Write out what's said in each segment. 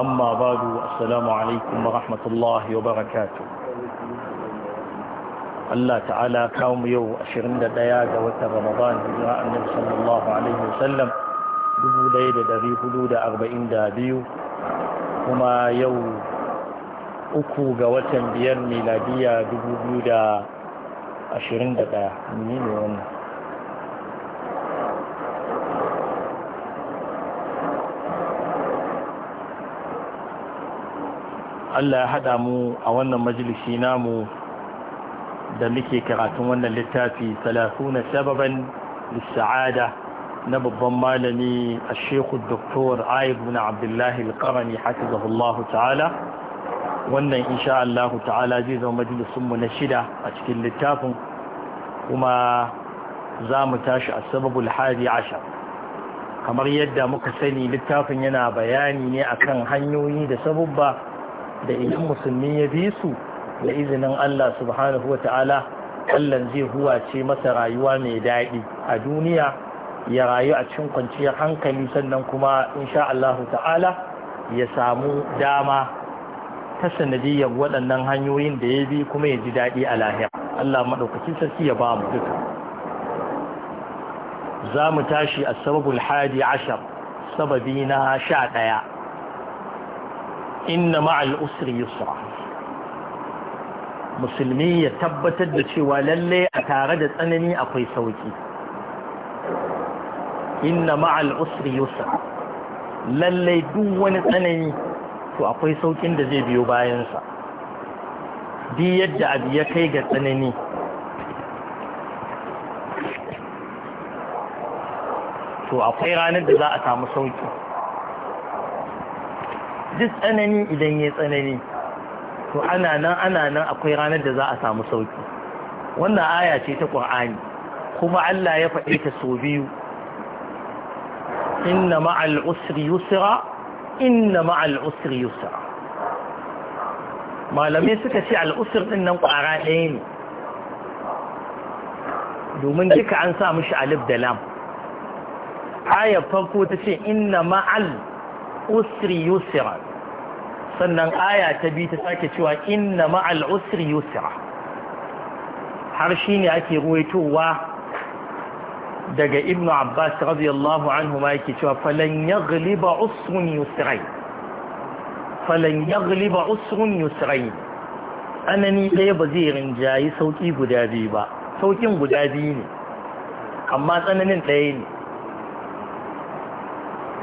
أما بعد السلام عليكم ورحمة الله وبركاته Allah ta'ala kawo mu yau ashirin da ɗaya ga watan Ramadan da jira annabi sallallahu dubu ɗaya da ɗari hudu da arba'in da biyu kuma yau uku ga watan biyar miladiya dubu biyu da ashirin da ɗaya ne wannan Allah ya haɗa mu a wannan majalisi namu da muke karatun wannan littafi na sababan lissa'ada na babban malami a shekhu doktor ayib na abdullahi alƙarani hafizahullahu ta'ala wannan insha Allah ta'ala zai zama majalisunmu na shida a cikin littafin kuma za mu tashi a sababul hadi ashar kamar yadda muka sani littafin yana bayani ne akan hanyoyi da sabubba da idan musulmi ya bi su da izinin Allah subhanahu wa ta'ala Allah zai huwa ce masa rayuwa mai daɗi a duniya ya rayu a cikin kwanciyar hankali sannan kuma insha Allah ta'ala ya samu dama ta sanadiyar waɗannan hanyoyin da ya bi kuma ya ji daɗi a lahira Allah maɗaukaki sarki ya ba mu duka za mu tashi a sababul hadi ashar sababi na sha ɗaya inna ma'al usri yusra musulmi ya tabbatar da cewa lalle a tare da tsanani akwai sauki inna ma'al usri yusra lalle duk wani tsanani to akwai saukin da zai biyo bayansa di yadda abu ya kai ga tsanani to akwai ranar da za a samu sauki duk tsanani idan ya tsanani to ana nan ana nan akwai ranar da za a samu sauki wannan aya ce ta ƙur'ani kuma Allah ya faɗe ta so biyu inna ma'al usri yusra inna ma'al usri yusra Malami suka ce al'usur ɗin nan ƙwara ɗaya ne domin duka an sa mishi alif da lam ayar farko ta ce inna ma'al usri yusra sannan aya ta bi ta sake cewa inna ma'al usri yusra har shi ne ake ruwaitowa daga ibnu abbas radiyallahu anhu ma yake cewa falan yaghliba usrun yusra falan yaghliba usrun yusra anani ɗaya ba zai rinjayi sauki guda biyu ba saukin guda biyu ne amma tsananin ɗaya ne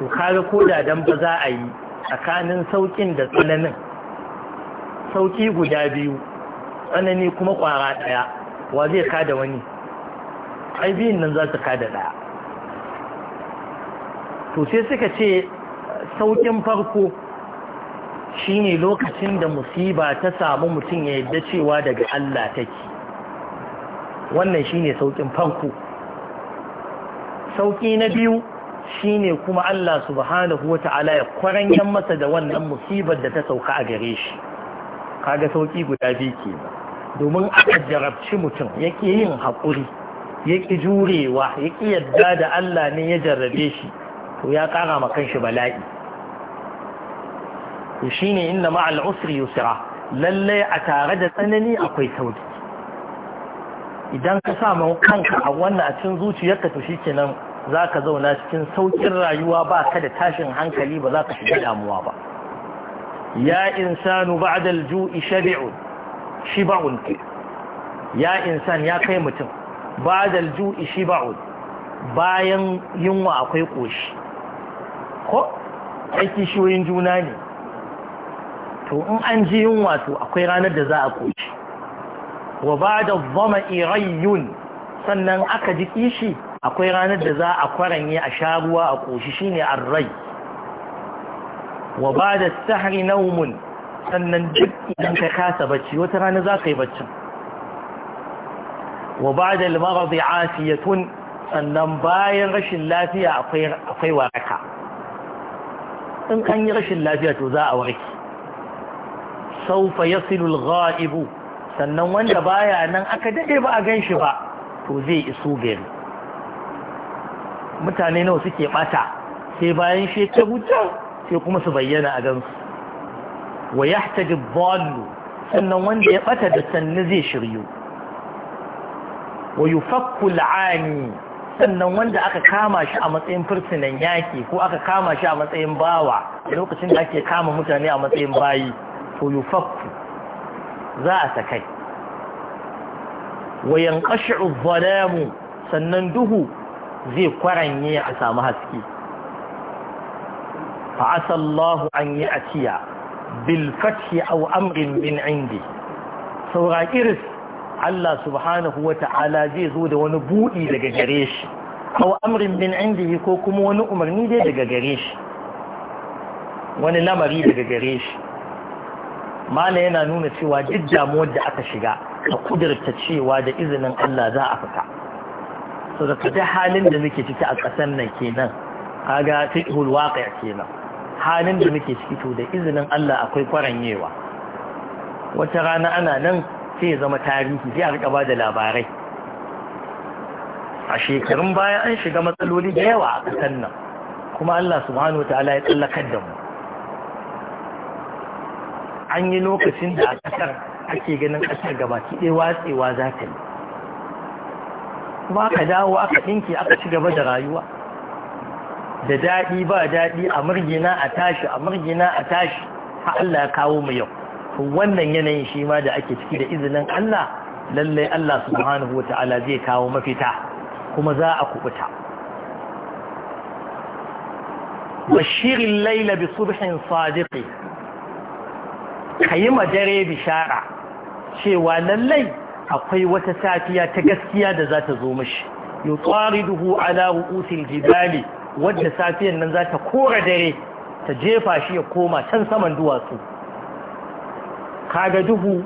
to kaga ko da dan ba za a yi tsakanin saukin da tsananin sauki guda biyu tsanani kuma kwara daya wa zai kada wani ai biyun nan za su kada daya to sai suka ce saukin farko shine lokacin da musiba ta samu mutum ya yadda cewa daga Allah take wannan shine saukin farko sauki na biyu shine kuma Allah subhanahu wata'ala ya kwaranyan masa da wannan musibar da ta sauka a gare shi kaga sauki guda biyu ke domin aka jarabci mutum yake yin haƙuri yake jurewa yake yadda da Allah ne ya jarrabe shi to ya kara ma kanshi bala'i to shine inna ma'al usri yusra lalle a tare da tsanani akwai sauki idan ka sa kanka a wannan a cikin zuciyarka to shikenan za ka zauna cikin saukin rayuwa ba ka da tashin hankali ba za ka shiga damuwa ba ya insanu ba'da al-ju'i shabi'un shiba'un ya insan ya kai mutum ba'da al-ju'i shiba'un bayan yunwa akwai ƙoshi. ko aiki shiyoyin juna ne to in an ji yunwa to akwai ranar da za a koshi wa ba'da al-dhama'i rayyun sannan aka ji kishi akwai ranar da za a kwaran yi a sha ruwa a ƙoshi shi shine arrai wa ba da sahari naumun sannan duk idan ka kasa bacci wata rana za ka yi baccin wa ba da limararri afiyatun sannan bayan rashin lafiya akwai waraka in an yi rashin lafiya to za a warke fa ya silul ga'ibu sannan wanda baya nan aka daɗe ba a gan shi ba to zai iso gari mutane nawa suke bata sai bayan shekaru huta sai kuma su bayyana a gansu wa yahtaji dhallu sannan wanda ya bata da sannu zai shiryu wa yufakku ani sannan wanda aka kama shi a matsayin fursunan yaki ko aka kama shi a matsayin bawa a lokacin da ake kama mutane a matsayin bayi to yufakku za a sakai wa yanqashu sannan duhu zai kwaranye a samu haske Fa'asallahu asallahu an yi a ciya bilfaci au amrin bin indi saura iris Allah subhanahu wa ta'ala zai zo da wani buɗi daga gare shi au amrin bin indi ko kuma wani umarni dai daga gare shi wani lamari daga gare shi mala yana nuna cewa duk damuwar da aka shiga a kudurta cewa da izinin Allah za a fita so da halin da muke ciki a ƙasar nan kenan kaga fiqhul waqi' kenan halin da muke ciki to da izinin Allah akwai kwaranyewa wata rana ana nan sai zama tarihi sai a rika ba da labarai a shekarun baya an shiga matsaloli da yawa a ƙasar nan kuma Allah subhanahu ta'ala ya tsallakar da mu an yi lokacin da a ƙasar ake ganin ƙasar gabaki ɗaya watsewa za ta yi kuma aka dawo aka ɗinki aka ci gaba da rayuwa da daɗi ba daɗi a murgina a tashi a murgina a tashi har Allah ya kawo mu yau wannan yanayin shi ma da ake ciki da izinin Allah lallai Allah subhanahu wa ta'ala zai kawo mafita kuma za a kubuta bashirin laila bi subhin sadiqi kayi madare bishara cewa lallai akwai wata safiya ta gaskiya da za ta zo mashi yau tsari duhu ala ru'usil jibali wadda safiyan nan za ta kora dare ta jefa shi ya koma can saman duwatsu kaga duhu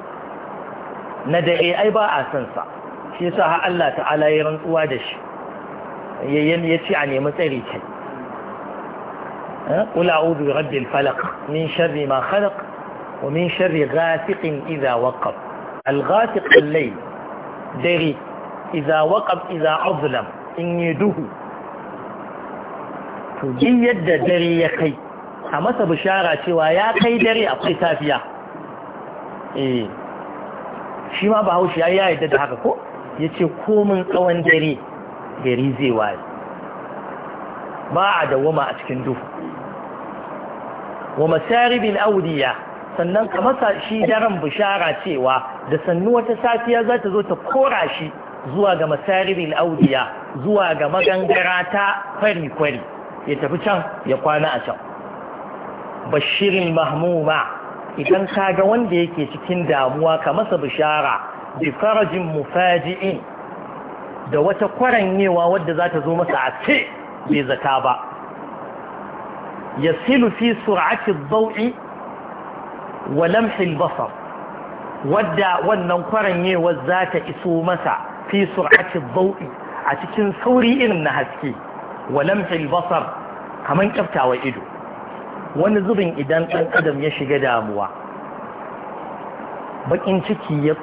na dare ai ba a san sa shi yasa har Allah ta'ala ya rantsuwa da shi yayyan ya ce a nemi tsari kai قل أعوذ برب الفلق من شر ما خلق ومن شر غاسق إذا وقب al-ghafiq al-layl dare idza waqab in yi duhu to din yadda dare ya kai a masa bishara cewa ya kai dare akwai safiya eh shima bahaushe ya yarda da haka ko yace komin tsawon dare gari zai waye ba a dawama a cikin duhu wa masaribin audiya sannan ka masa shi daren bishara cewa da sannu wata safiya za ta zo ta kora shi zuwa ga masaribin audiya zuwa ga magangara ta kwari-kwari ya tafi can ya kwana a can bashirin mahmuma idan ka ga wanda yake cikin damuwa ka masa bishara bi farajin mufaji'in da wata kwaranyewa wadda za ta zo masa a ce bai zata ba ya silu fi sur'ati dhaw'i wa lamhil basar wadda wannan kwaranyewar za ta iso masa fi a cikin sauri irin na haske wa lamhil basar kaman kyaftawa ido wani zubin idan ɗan adam ya shiga damuwa bakin ciki ya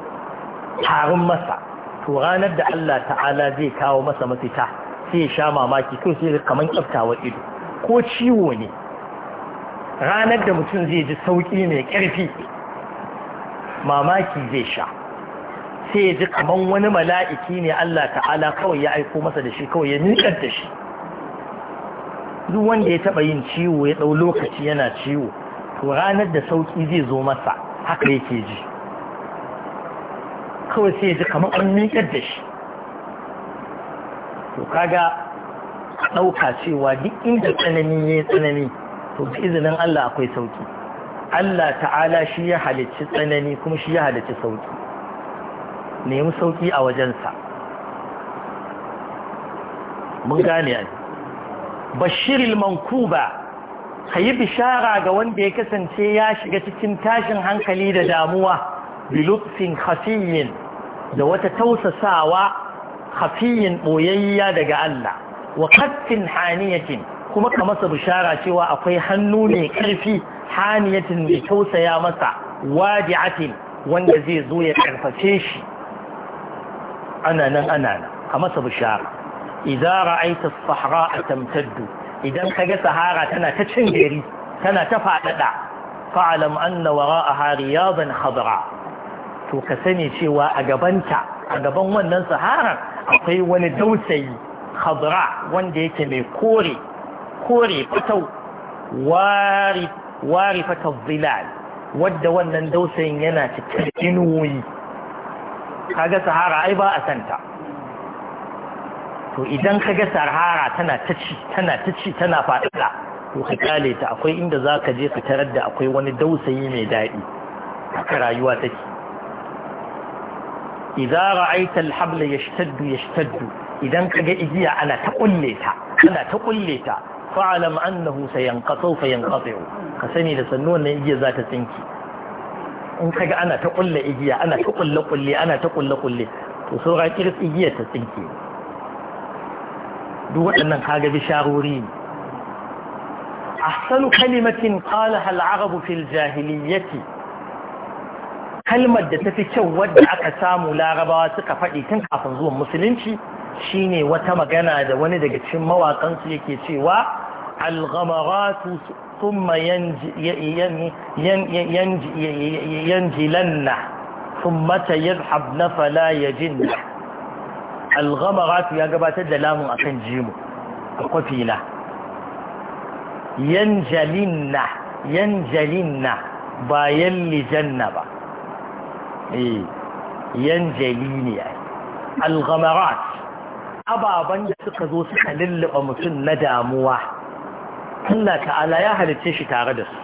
tarin masa to ranar da Allah ta'ala zai kawo masa mafita sai ya sha mamaki kai sai kaman kyaftawa ido ko ciwo ne ranar da mutum zai ji sauƙi mai ƙarfi mamaki zai sha sai ya ji kaman wani mala'iki ne Allah ta'ala kawai ya aiko masa da shi kawai ya nikar da shi duk wanda ya taɓa yin ciwo ya ɗau lokaci yana ciwo to ranar da sauƙi zai zo masa haka yake ji kawai sai ya ji kaman an nikar da shi to kaga ɗauka cewa duk inda tsanani ya yi tsanani to da izinin Allah akwai sauki Allah ta'ala shi ya halicci tsanani kuma shi ya halicci sauki nemi sauki a wajensa mun gane ne bashiril mankuba ka yi bishara ga wanda ya kasance ya shiga cikin tashin hankali da damuwa bilufin hafiyin da wata tausasawa hafiyin ɓoyayya daga Allah wa kaffin haniyatin kuma ka masa bishara cewa akwai hannu ne karfi haniyatin mai tausaya masa wadi'atin wanda zai zo ya karfafe shi ana nan ana nan ka masa bishara idan ra'aita sahara a tamtaddu idan ka ga sahara tana ta cin gari tana ta faɗaɗa fa'alam anna wara'aha riyadan khadra to ka sani cewa a gabanta a gaban wannan saharar akwai wani dausayi khadra wanda yake mai kore kore fatau wari fata zilal wadda wannan dausayin yana cikin inuwoyi kaga sahara ai ba a santa to idan kaga sahara tana ta ci tana ta ci tana faɗaɗa to ka kale ta akwai inda za ka je ka tarar da akwai wani dausayi mai daɗi haka rayuwa take idza ra'aita al-habla yashtaddu yashtaddu idan kaga igiya ana ta kulle ta ana ta kulle ta fa'alam annahu sayanqatu fa yanqatu ka sani da sannu wannan igiya za ta tsinki in kaga ana ta kulle igiya ana ta kulle kulle ana ta kulle kulle to saura kiris igiya ta tsinki duk waɗannan kaga bisharori ahsanu kalimatin qalaha al-arabu fil jahiliyyati kalmar da ta fi kyau wadda aka samu larabawa suka faɗi tun kafin zuwan musulunci shine wata magana da wani daga cikin mawakansu yake cewa الغمرات ثم ينجلن ثم يذهب فلا يجن الغمرات يا جبات الدلام عشان جيم قتيلة ينجلن ينجلن بايل لجنبا ينجلين يعني الغمرات أبا بنجسك ذو سحلل أمسن نداموه Allah ta'ala ya halitta shi tare da su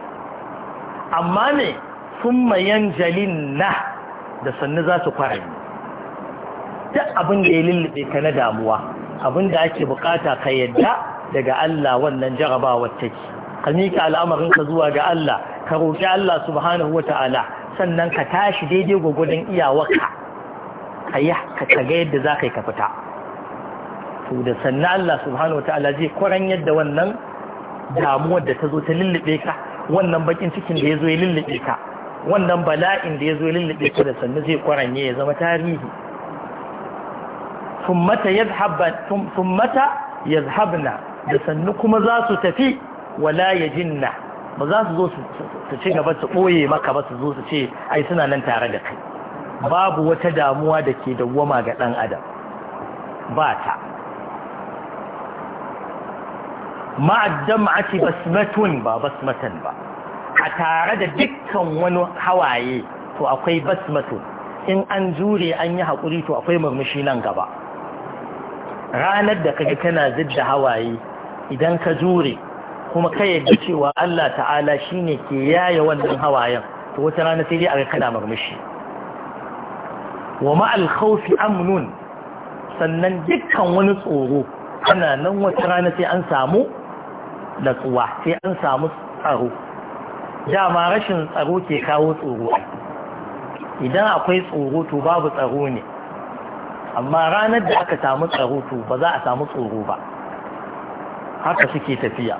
amma ne sun mayan jalin na da sannu za su kwarai ta abin da ya lullube ka na damuwa abin da ake bukata ka yadda daga Allah wannan jarabawar take ka miƙa ka zuwa ga Allah ka roƙi Allah subhanahu wa ta'ala sannan ka tashi daidai gwagwadon iyawarka ka ka ga yadda za ka yi ka fita to da sannan Allah subhanahu wa ta'ala zai kwaran yadda wannan damuwar da ta zo ta lullube ka wannan bakin cikin da ya zo ya lullube ka wannan bala'in da ya zo ya lullube ka da sannu zai kwaranye ya zama tarihi ya zhabna da sannu kuma za su tafi wala ya jinna ba za su zo su ci gaba su ɓoye maka ba su zo su ce ai suna nan tare da kai babu wata damuwa da ke dawwama ga ɗan adam ba ta ma'addam'ati basmatun ba basmatan ba a tare da dukkan wani hawaye to akwai basmatun in an jure an yi haƙuri to akwai murmushi nan gaba ranar da kaji kana zidda hawaye idan ka jure kuma ka yadda cewa Allah ta'ala shine ke yaya wannan hawayen to wata rana sai dai a kana murmushi wa ma'al khawfi amnun sannan dukkan wani tsoro ana nan wata rana sai an samu tsuwa sai an samu tsaro dama rashin tsaro ke kawo tsoro idan akwai tsoro to babu tsaro ne amma ranar da aka samu tsaro to ba za a samu tsoro ba haka suke tafiya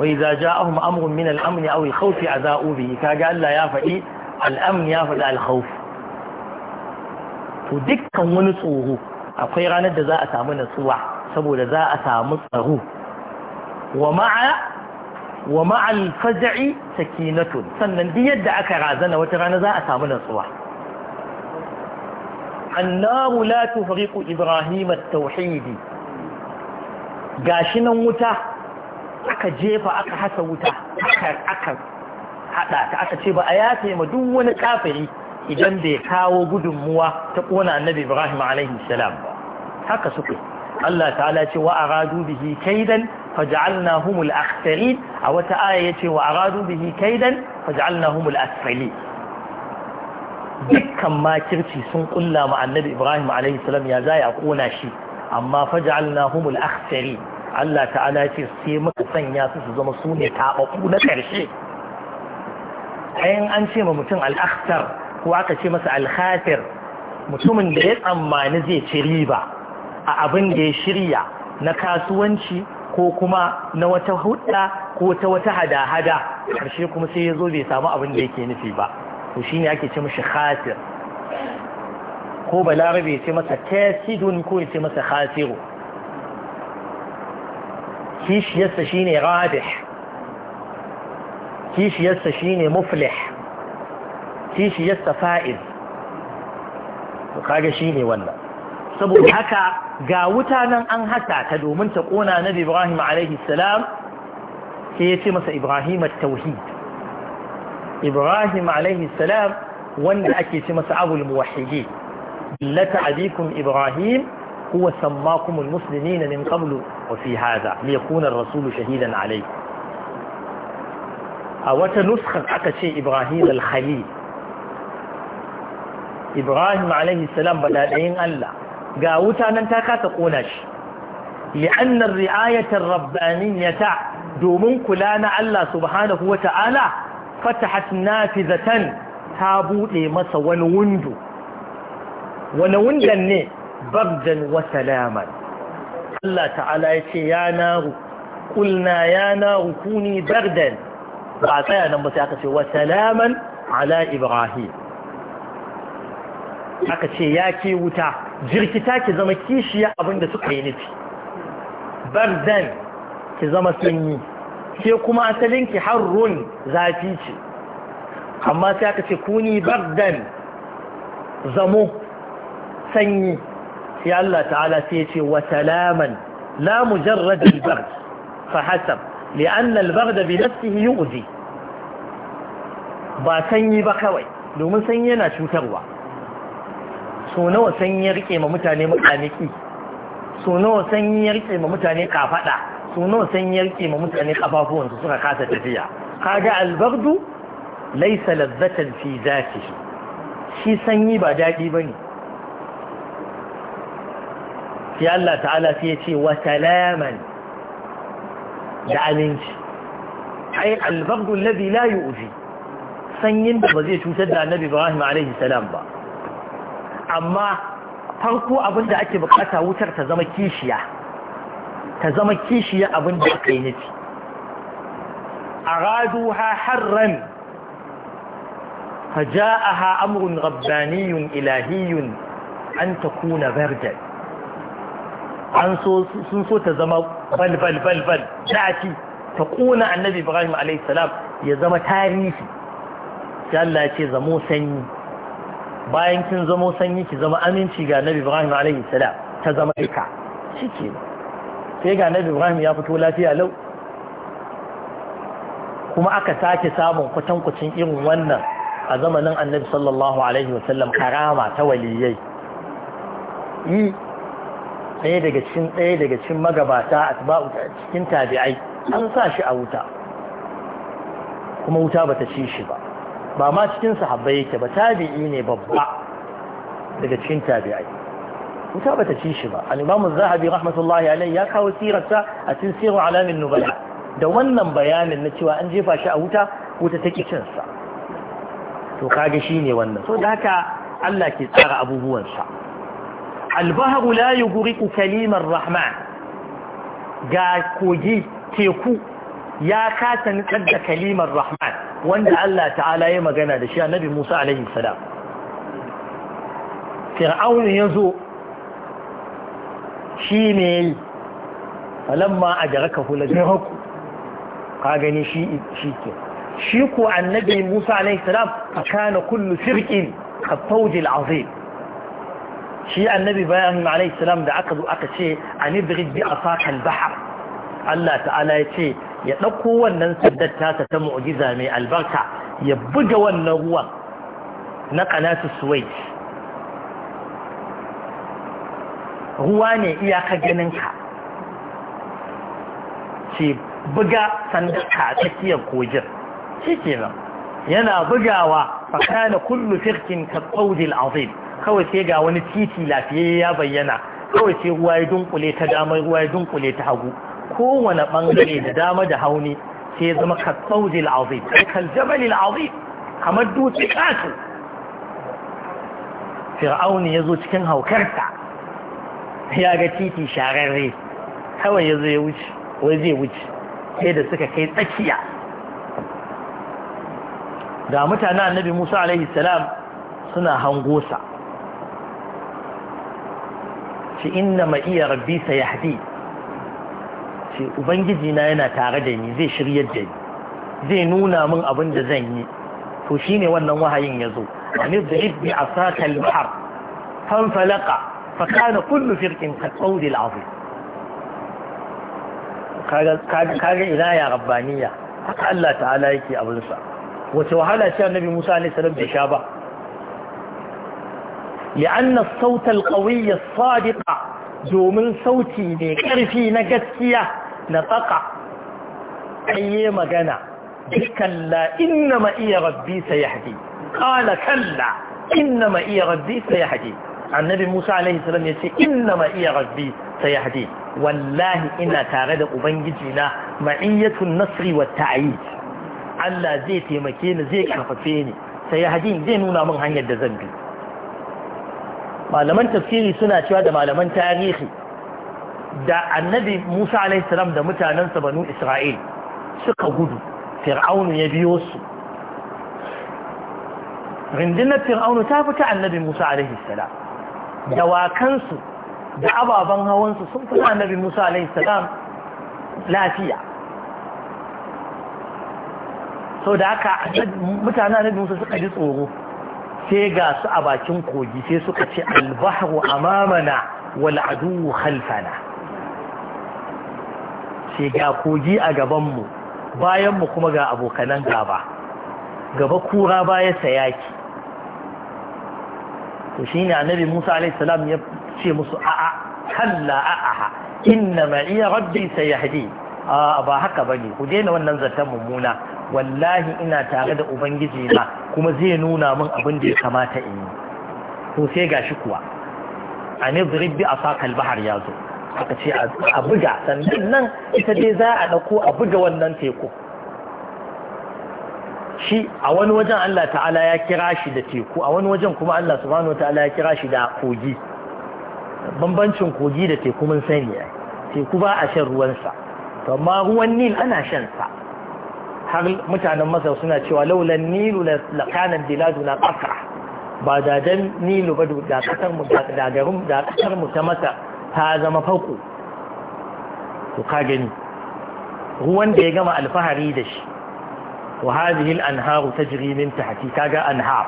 wai za ja'ahum amrun min al-amn aw a khawf aza'u bihi kaga Allah ya faɗi al ya faɗi al to dukkan wani tsoro akwai ranar da za a samu natsuwa saboda za a samu tsaro wa ma'a wa ma'al faja'i sakinatun sannan duk yadda aka razana wata rana za a samu natsuwa Annabu la tufriqu ibrahim at-tauhid gashi nan wuta aka jefa aka hasa wuta aka aka hada ta aka ce ba a ya ma duk wani kafiri idan bai kawo gudunmuwa ta kona annabi ibrahim alaihi salam ba haka suke Allah ta'ala ce wa aradu bihi kaidan faj'alnahum akhsarin a wata aya yace wa aradu bihi kaidan faj'alnahum asfali dukkan makirci sun kulla ma annabi Ibrahim alaihi salam ya zai a kona shi amma faj'alnahum al-akhsarin Allah ta'ala ce sai muka sanya su su zama su ne taɓaɓɓu na ƙarshe ayan an ce ma mutum al'akhtar ko aka ce masa al'khafir mutumin da ya tsammani zai ci riba a abin da ya shirya na kasuwanci ko kuma na wata hudda ko ta wata hada-hada karshe kuma sai ya zo bai samu abin da yake nufi ba to shi ne ake ce mashi khasir, ko balarabe ya ce masa don ko ya ce masa khasiru. kishiyarsa shi ne rabih kishiyarsa shi ne muflih kishiyarsa fa'iz kaga shi ne wannan saboda haka ga wuta nan an hasa ta domin ta kona na Ibrahim a.s. ke sai ya ce masa Ibrahim tauhid Ibrahim wanda ake ce masa abul muwahhidi lata abikum Ibrahim huwa sammakum almuslimina min qablu wa fi hadha rasulu shahidan a wata nuskar aka ce Ibrahim al-Khalil Ibrahim alaihi Allah ga wuta nan ta kasa kona shi li'annar ri'ayatar rabbaniyata domin kula na Allah subhanahu wa ta'ala fatahat nafizatan ta bude masa wani wundu wani wundan ne babdan wa salaman Allah ta'ala ya ce ya naru kulna ya naru kuni bardan ba tsaya nan ba sai aka ce wa salaman ala ibrahim aka ce ya ke wuta jirkita ki zama kishiya abinda suka yi nufi bardan ki zama sanyi ke kuma asalin ki harun zafi ce amma sai aka ce kuni bardan zamo sanyi sai Allah ta'ala sai ya ce wa salaman la mujarrad al fa hasab li'anna al bi nafsihi yu'zi ba sanyi ba kawai domin sanyi yana cutarwa so nawa sanyi ya rike ma mutane mukamiki so nawa sanyi ya rike ma mutane kafada so nawa sanyi ya rike ma mutane kafafuwansu suka kasa tafiya kaga albardu laisa lazzatan fi zatihi shi sanyi ba daɗi bane sai Allah ta'ala sai ya ce wa salaman da aminci ai albardu alladhi la yu'zi sanyin da ba zai cutar da annabi Ibrahim alaihi salam ba amma farko abin da ake bukata wutar ta zama kishiya ta zama kishiya abin da aka yi nufi a radu ha harran haja a ha amurin rabbaniyun ilahiyun an ta kuna virgin an so sun so ta zama balbalbalbal daci ta kuna annabi ibrahim a.s. ya zama tarihi shi Allah ce zamo sanyi bayan kin zama sanyi ki zama aminci ga nabi ibrahim alaihi salam ta zama ita shike sai ga nabi ibrahim ya fito lafiya lau kuma aka sake samun kwatankwacin irin wannan a zamanin annabi sallallahu alaihi wasallam karama ta waliyai yi ɗaya daga cikin ɗaya daga cikin magabata a cikin tabi'ai an sa shi a wuta kuma wuta bata ci shi ba ba ma cikin sahabbai yake ba tabi'i ne babba daga cikin tabi'ai wuta ba ta ci shi ba al-imamu zahabi rahmatullahi alaihi ya kawo sirarsa a cikin siru alamin nubala da wannan bayanin na cewa an jefa shi a wuta wuta ta ki sa to kage shi ne wannan so da haka Allah ke tsara abubuwansa al-bahru la yughriqu kalimar rahman ga kogi teku ya kasa nutsar da kalimar rahman wanda Allah ta'ala ya magana da shi a nabi Musa alaihi salam fir'aun ya zo shi ne yi falamma a jaraka hula jaraku ka gani shi shi ke shi ko annabi Musa alaihi salam kana kullu firkin ka fawjil azim shi annabi bayan alaihi salam da aka zo aka ce a anibrid bi asakan bahar Allah ta'ala ya ce ya ɗauko wannan sandar tasa ta mu'jiza mai albarka ya buga wannan ruwan na kanatu suwai ruwa ne iyaka ganinka ce buga sandar a tsakiyar kogin shi nan yana bugawa fakana kullu firkin ka tsaudil azim kawai sai ga wani titi lafiyayya ya bayyana kawai sai ruwa ya dunkule ta damar ruwa ya dunkule ta hagu kowane bangare da dama da hauni sai ya zama katsauji al'azim kal jabal al'azim kamar dutse kasu fir'auni ya zo cikin haukarta ya ga titi shararre kawai ya zo ya wuce wai zai wuce sai da suka kai tsakiya da mutane annabi musa alaihi salam suna hangosa shi inna ma'iyar bisa ya sa ce ubangiji na yana tare da ni zai shiryar da ni zai nuna min abin da zan yi to shine wannan wahayin ya zo anib da ibbi a sata bahr fan falaqa kullu firqin ka qawli al kaga ila ya rabbaniya haka Allah ta'ala yake abin sa wace wahala ce annabi Musa alaihi salam bai sha ba لأن الصوت القوي الصادق domin sauti mai ƙarfi na gaskiya nataka ayye magana kalla ina ma iya rabbi sayahdi ƙala kalla ina ma iya rabbi sayahdi annabi Musa a.s. ya ce inna ma iya rabbi sayahdi wallahi ina tare da ubangiji na ma'iyyatun nasri wa ta'yid Allah zai taimake ni zai karfafe ni sayahdin zai nuna min hanyar da zan bi malaman tafsiri suna cewa da malaman tarihi da annabi Musa alaihi salam da mutanensa banu Isra'il suka gudu fir'aunu ya biyo su rindinar fir'aunu ta fita annabi Musa alaihi salam dawakansu da ababen hawansu sun fita annabi Musa alaihi salam lafiya sau da haka mutane annabi Musa suka ji tsoro sai ga su a bakin kogi sai suka ce albahru amamana wal adu khalfana ce ga kogi a gabanmu bayanmu kuma ga abokanan gaba gaba kura baya sayaki to shi ne annabi musa alaihissalam ya ce musu a'a kalla a'a inna ma iya rabbi sayahdi a ba haka bane ku daina wannan zaton mummuna wallahi ina tare da ubangiji na kuma zai nuna min abin da ya kamata in yi to sai gashi kuwa a bi a sa bahar ya zo aka ce a buga sandan nan ita dai za a ɗauko a buga wannan teku shi a wani wajen Allah ta'ala ya kira shi da teku a wani wajen kuma Allah subhanahu ta'ala ya kira shi da kogi bambancin kogi da teku mun sani ya teku ba a shan ruwansa amma ruwan nil ana shan sa har mutanen masar suna cewa laulan nilu la kana na qasra ba da dan nilu ba da kasar mu da kasar mu ta masar ta zama fauku to ka gani ruwan da ya gama alfahari da shi wa hadhihi anharu tajri min tahti kaga anhar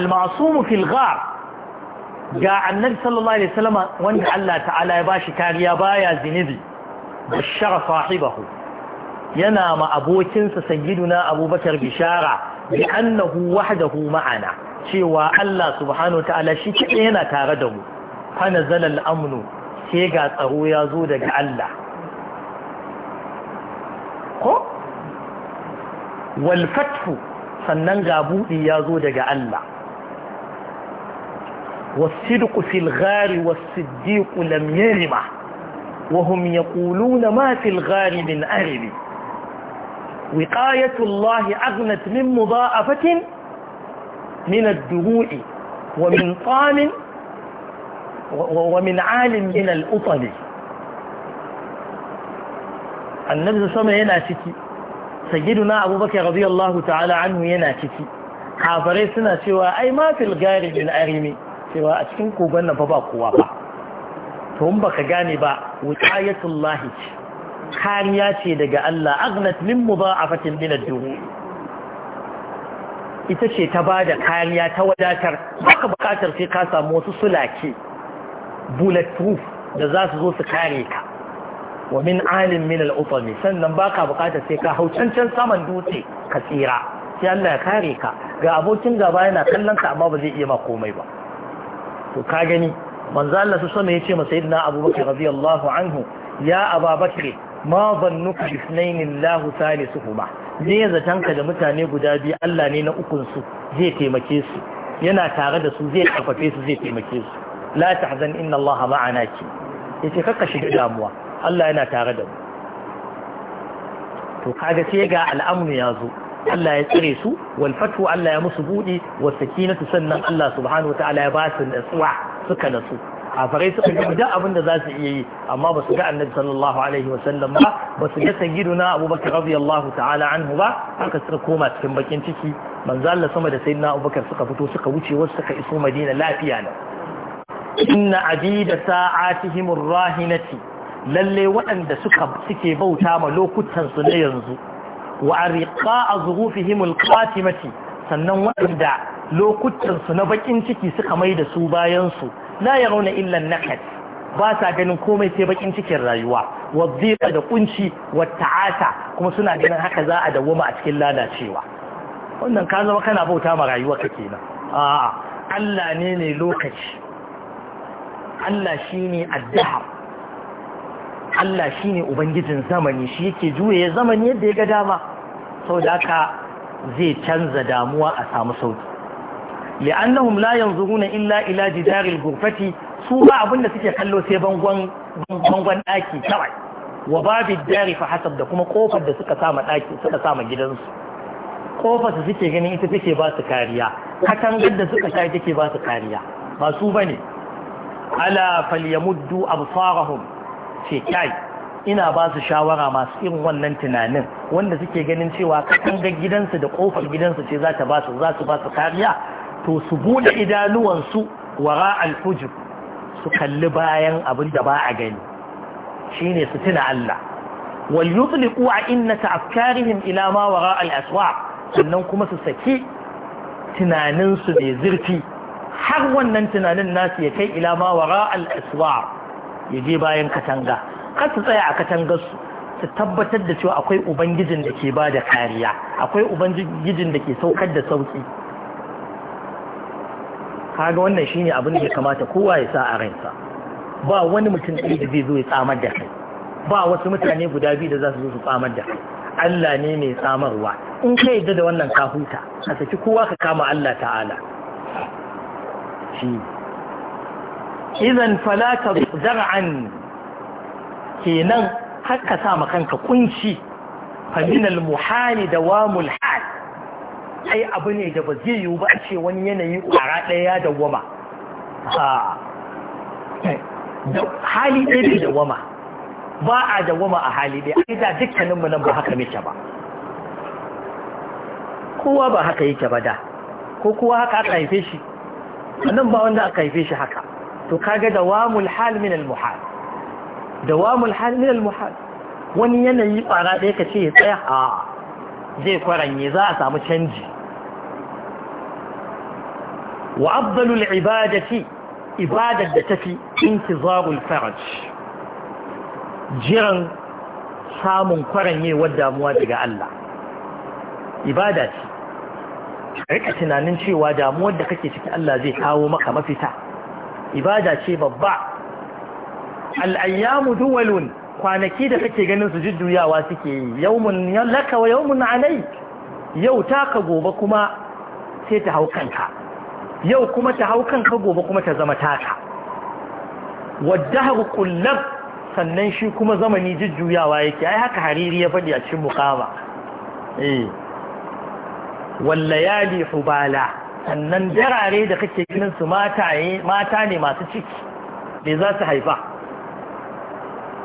al-ma'sum fi al-ghar ga annabi sallallahu alaihi wasallam wanda Allah ta'ala ya bashi kariya baya zinibi bashara sahibahu yana ma abokinsa sayyiduna abubakar bishara bi annahu wahdahu ma'ana cewa Allah subhanahu ta'ala shi kaɗai yana tare da mu fana zalal amnu sai ga tsaro ya zo daga Allah ko walfatfu sannan ga buɗi ya zo daga Allah wasidku fil ghari wasiddiqu lam yarima wa hum yaquluna ma fil ghari min aribi wiqayatu Allah aghnat min Mina ad-duru'i wa min qamin wa min alim min al-utali annabi sama yana ciki sayyiduna abubakar radiyallahu ta'ala anhu yana ciki kafirai suna cewa ai ma fil gari arimi cewa a cikin kogon nan ba kowa ba to in baka gane ba wiqayatullah ce kariya ce daga Allah aghnat ba a min ad-duhu ita ce ta bada kariya ta wadatar baka bukatar sai ka samu wasu sulake bulletproof da za su zo su kare ka wa min alim min al-utami sannan baka bukatar sai ka hau cancan saman dutse ka tsira sai Allah ya kare ka ga abokin gaba yana kallon ka amma ba zai iya ma komai ba to ka gani manzo Allah su sama yace masa sayyidina Abubakar radiyallahu anhu ya Ababakar ma dhannuka bi ithnain Allah ba. ne zatanka da mutane guda biyu Allah ne na ukunsu zai taimake su yana tare da su zai karfafe su zai taimake su la tahzan inna Allah ma'ana ki yace kakka shiga damuwa Allah yana tare da mu to kaga sai ga al'amnu ya zo Allah ya tsire su wal fatu Allah ya musu budi was sakinatu sannan Allah subhanahu wataala ya ba su natsuwa suka nasu kafirai suka ga duk abin da za su iya yi amma ba su ga annabi sallallahu alaihi sallam ba ba su ga sayyiduna abubakar radiyallahu ta'ala anhu ba haka suka koma cikin bakin ciki manzo Allah sama da sayyidina abubakar suka fito suka wuce wasu suka iso madina lafiya ne inna adida sa'atihim rahinati lalle waɗanda suka suke bauta ma lokutan su na yanzu wa ariqa azghufihim alqatimati sannan waɗanda lokutan su na bakin ciki suka mai da su bayan su la yarawna illa an nakat ba sa ganin komai sai bakin cikin rayuwa dhiqa da kunci wa ta'ata kuma suna ganin haka za a dawoma a cikin lalacewa wannan ka zama kana bauta ma rayuwa ka kenan a Allah ne ne lokaci Allah shine addahar Allah shine ubangijin zamani shi yake juye zamani yadda ya ga dama saboda haka zai canza damuwa a samu sauki li'annahum la yanzuruna illa ila jidaril ghurfati su ba abinda suke kallo sai bangon bangon daki kawai wa babu dari fa hasab da kuma kofar da suka sama daki suka gidansu kofar su suke ganin ita take ba su kariya katangar da suka sha take ba su kariya ba su bane ala falyamuddu absarahum kai ina ba su shawara masu irin wannan tunanin wanda suke ganin cewa katangar gidansu da kofar gidansu ce za ta ba su za su ba su kariya to su buɗe idanuwansu wara alhujub su kalli bayan abin da ba a gani shine su tuna Allah wal yutliqu a innata afkarihim ila ma wara al sannan kuma su saki tunaninsu mai zurfi har wannan tunanin nasu ya kai ila ma wara aswa ya je bayan katanga kar su tsaya a katangarsu su tabbatar da cewa akwai ubangijin da ke ba da kariya akwai ubangijin da ke saukar da sauki kaga wannan shi shine abin da ya kamata kowa ya sa a ransa ba wani mutum ɗaya da zai zo ya tsamar da kai ba wasu mutane guda biyu da za su zo su tsamar da kai Allah ne mai tsamarwa in ka yadda da wannan ka huta ka saki kowa ka kama Allah ta'ala shi idan fala zar'an kenan har ka sa kanka kunci fa min al muhani dawamul hal ai abu ne da ba zai yiwu ba a ce wani yanayi ƙwara ɗaya ya dawwama hali ɗaya bai dawwama ba a dawwama a hali ɗaya ai da dukkaninmu nan ba haka mace ba kowa ba haka yake ba da ko kowa haka aka haife shi nan ba wanda aka haife shi haka to kaga dawamul hal min al muhal dawamul hal min al muhal wani yanayi ƙara ɗaya ka ce ya tsaya a zai kwaranye za a samu canji wa abdalul ibadati ibadar da tafi intizarul faraj jiran samun kwaranyewar damuwa daga Allah ibada ce rika tunanin cewa damuwar da kake ciki Allah zai kawo maka mafita ibada ce babba al'ayyamu duwalun kwanaki da kake ganin su jujjuyawa suke yaumun laka wa yaumun alai yau taka gobe kuma sai ta hau kanka yau kuma ta hau kanka gobe kuma ta zama taka wadda kullab sannan shi kuma zamani jujjuyawa yake ai haka hariri ya faɗi a cikin mukama eh wallayali hubala sannan darare da kake ginin su mata ne masu ciki me za su haifa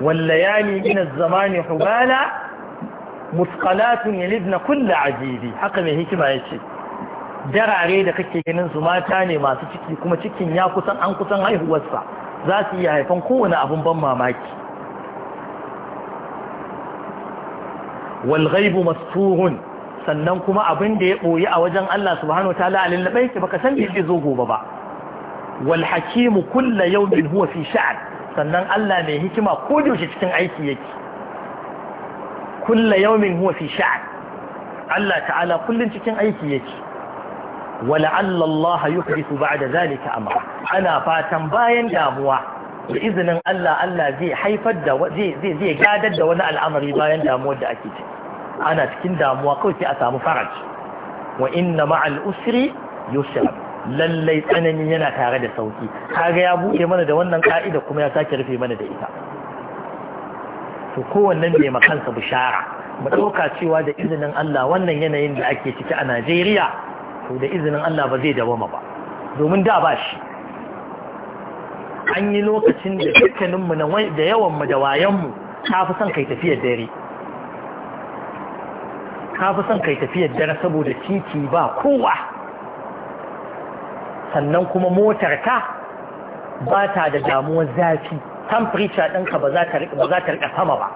wallayali min zamani hubala mutqalatun kulla a ajibi haka mai hikima ya ce. darare da kake ganin su mata ne masu ciki kuma cikin ya kusan an kusan haihuwarsa za su iya haifan kowane abin ban mamaki walghaibu masturun sannan kuma abin da ya ɓoye a wajen Allah subhanahu ta'ala a lallaɓe yake baka san me zo gobe ba wal hakimu kulla yawmin huwa fi sha'an sannan Allah mai hikima ko da cikin aiki yake kulla yawmin huwa fi sha'an Allah ta'ala kullun cikin aiki yake wala allallaha yuhdithu ba'da zalika amra ana fatan bayan damuwa da izinin Allah Allah zai haifar da zai zai gadar da wani al'amari bayan damuwar da ake ci ana cikin damuwa kawai sai a samu faraj wa inna ma'al usri yusra lallai tsanani yana tare da sauki kaga ya buɗe mana da wannan ka'ida kuma ya sake rufe mana da ita to kowanne ne makansa bishara mu dauka cewa da izinin Allah wannan yanayin da ake ciki a Najeriya to da izinin Allah ba zai dawama ba domin da ba shi an yi lokacin da dukkaninmu da yawanmu da wayanmu ta fi son kai tafiyar dare ta fi son kai tafiyar dare saboda titi ba kowa sannan kuma motar ka ba ta da damuwar zafi temperature ɗinka ba za ta riƙa sama ba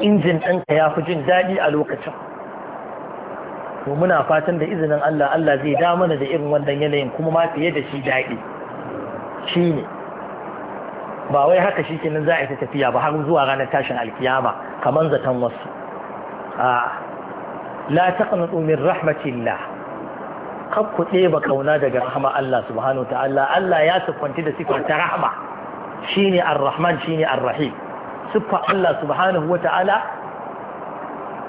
injin ɗinka ya fi jin daɗi a lokacin to muna fatan da izinin Allah Allah zai da mana da irin wannan yanayin kuma ma fiye da shi daɗi shi ne ba wai haka shi kenan za a yi tafiya ba har zuwa ranar tashin alkiyama kamar zaton wasu a la taqnatu min rahmatillah kab ku ɗeba kauna daga rahama Allah subhanahu wa ta'ala Allah ya siffanci da sifar ta rahma shine ar-rahman shine ar-rahim siffar Allah subhanahu wa ta'ala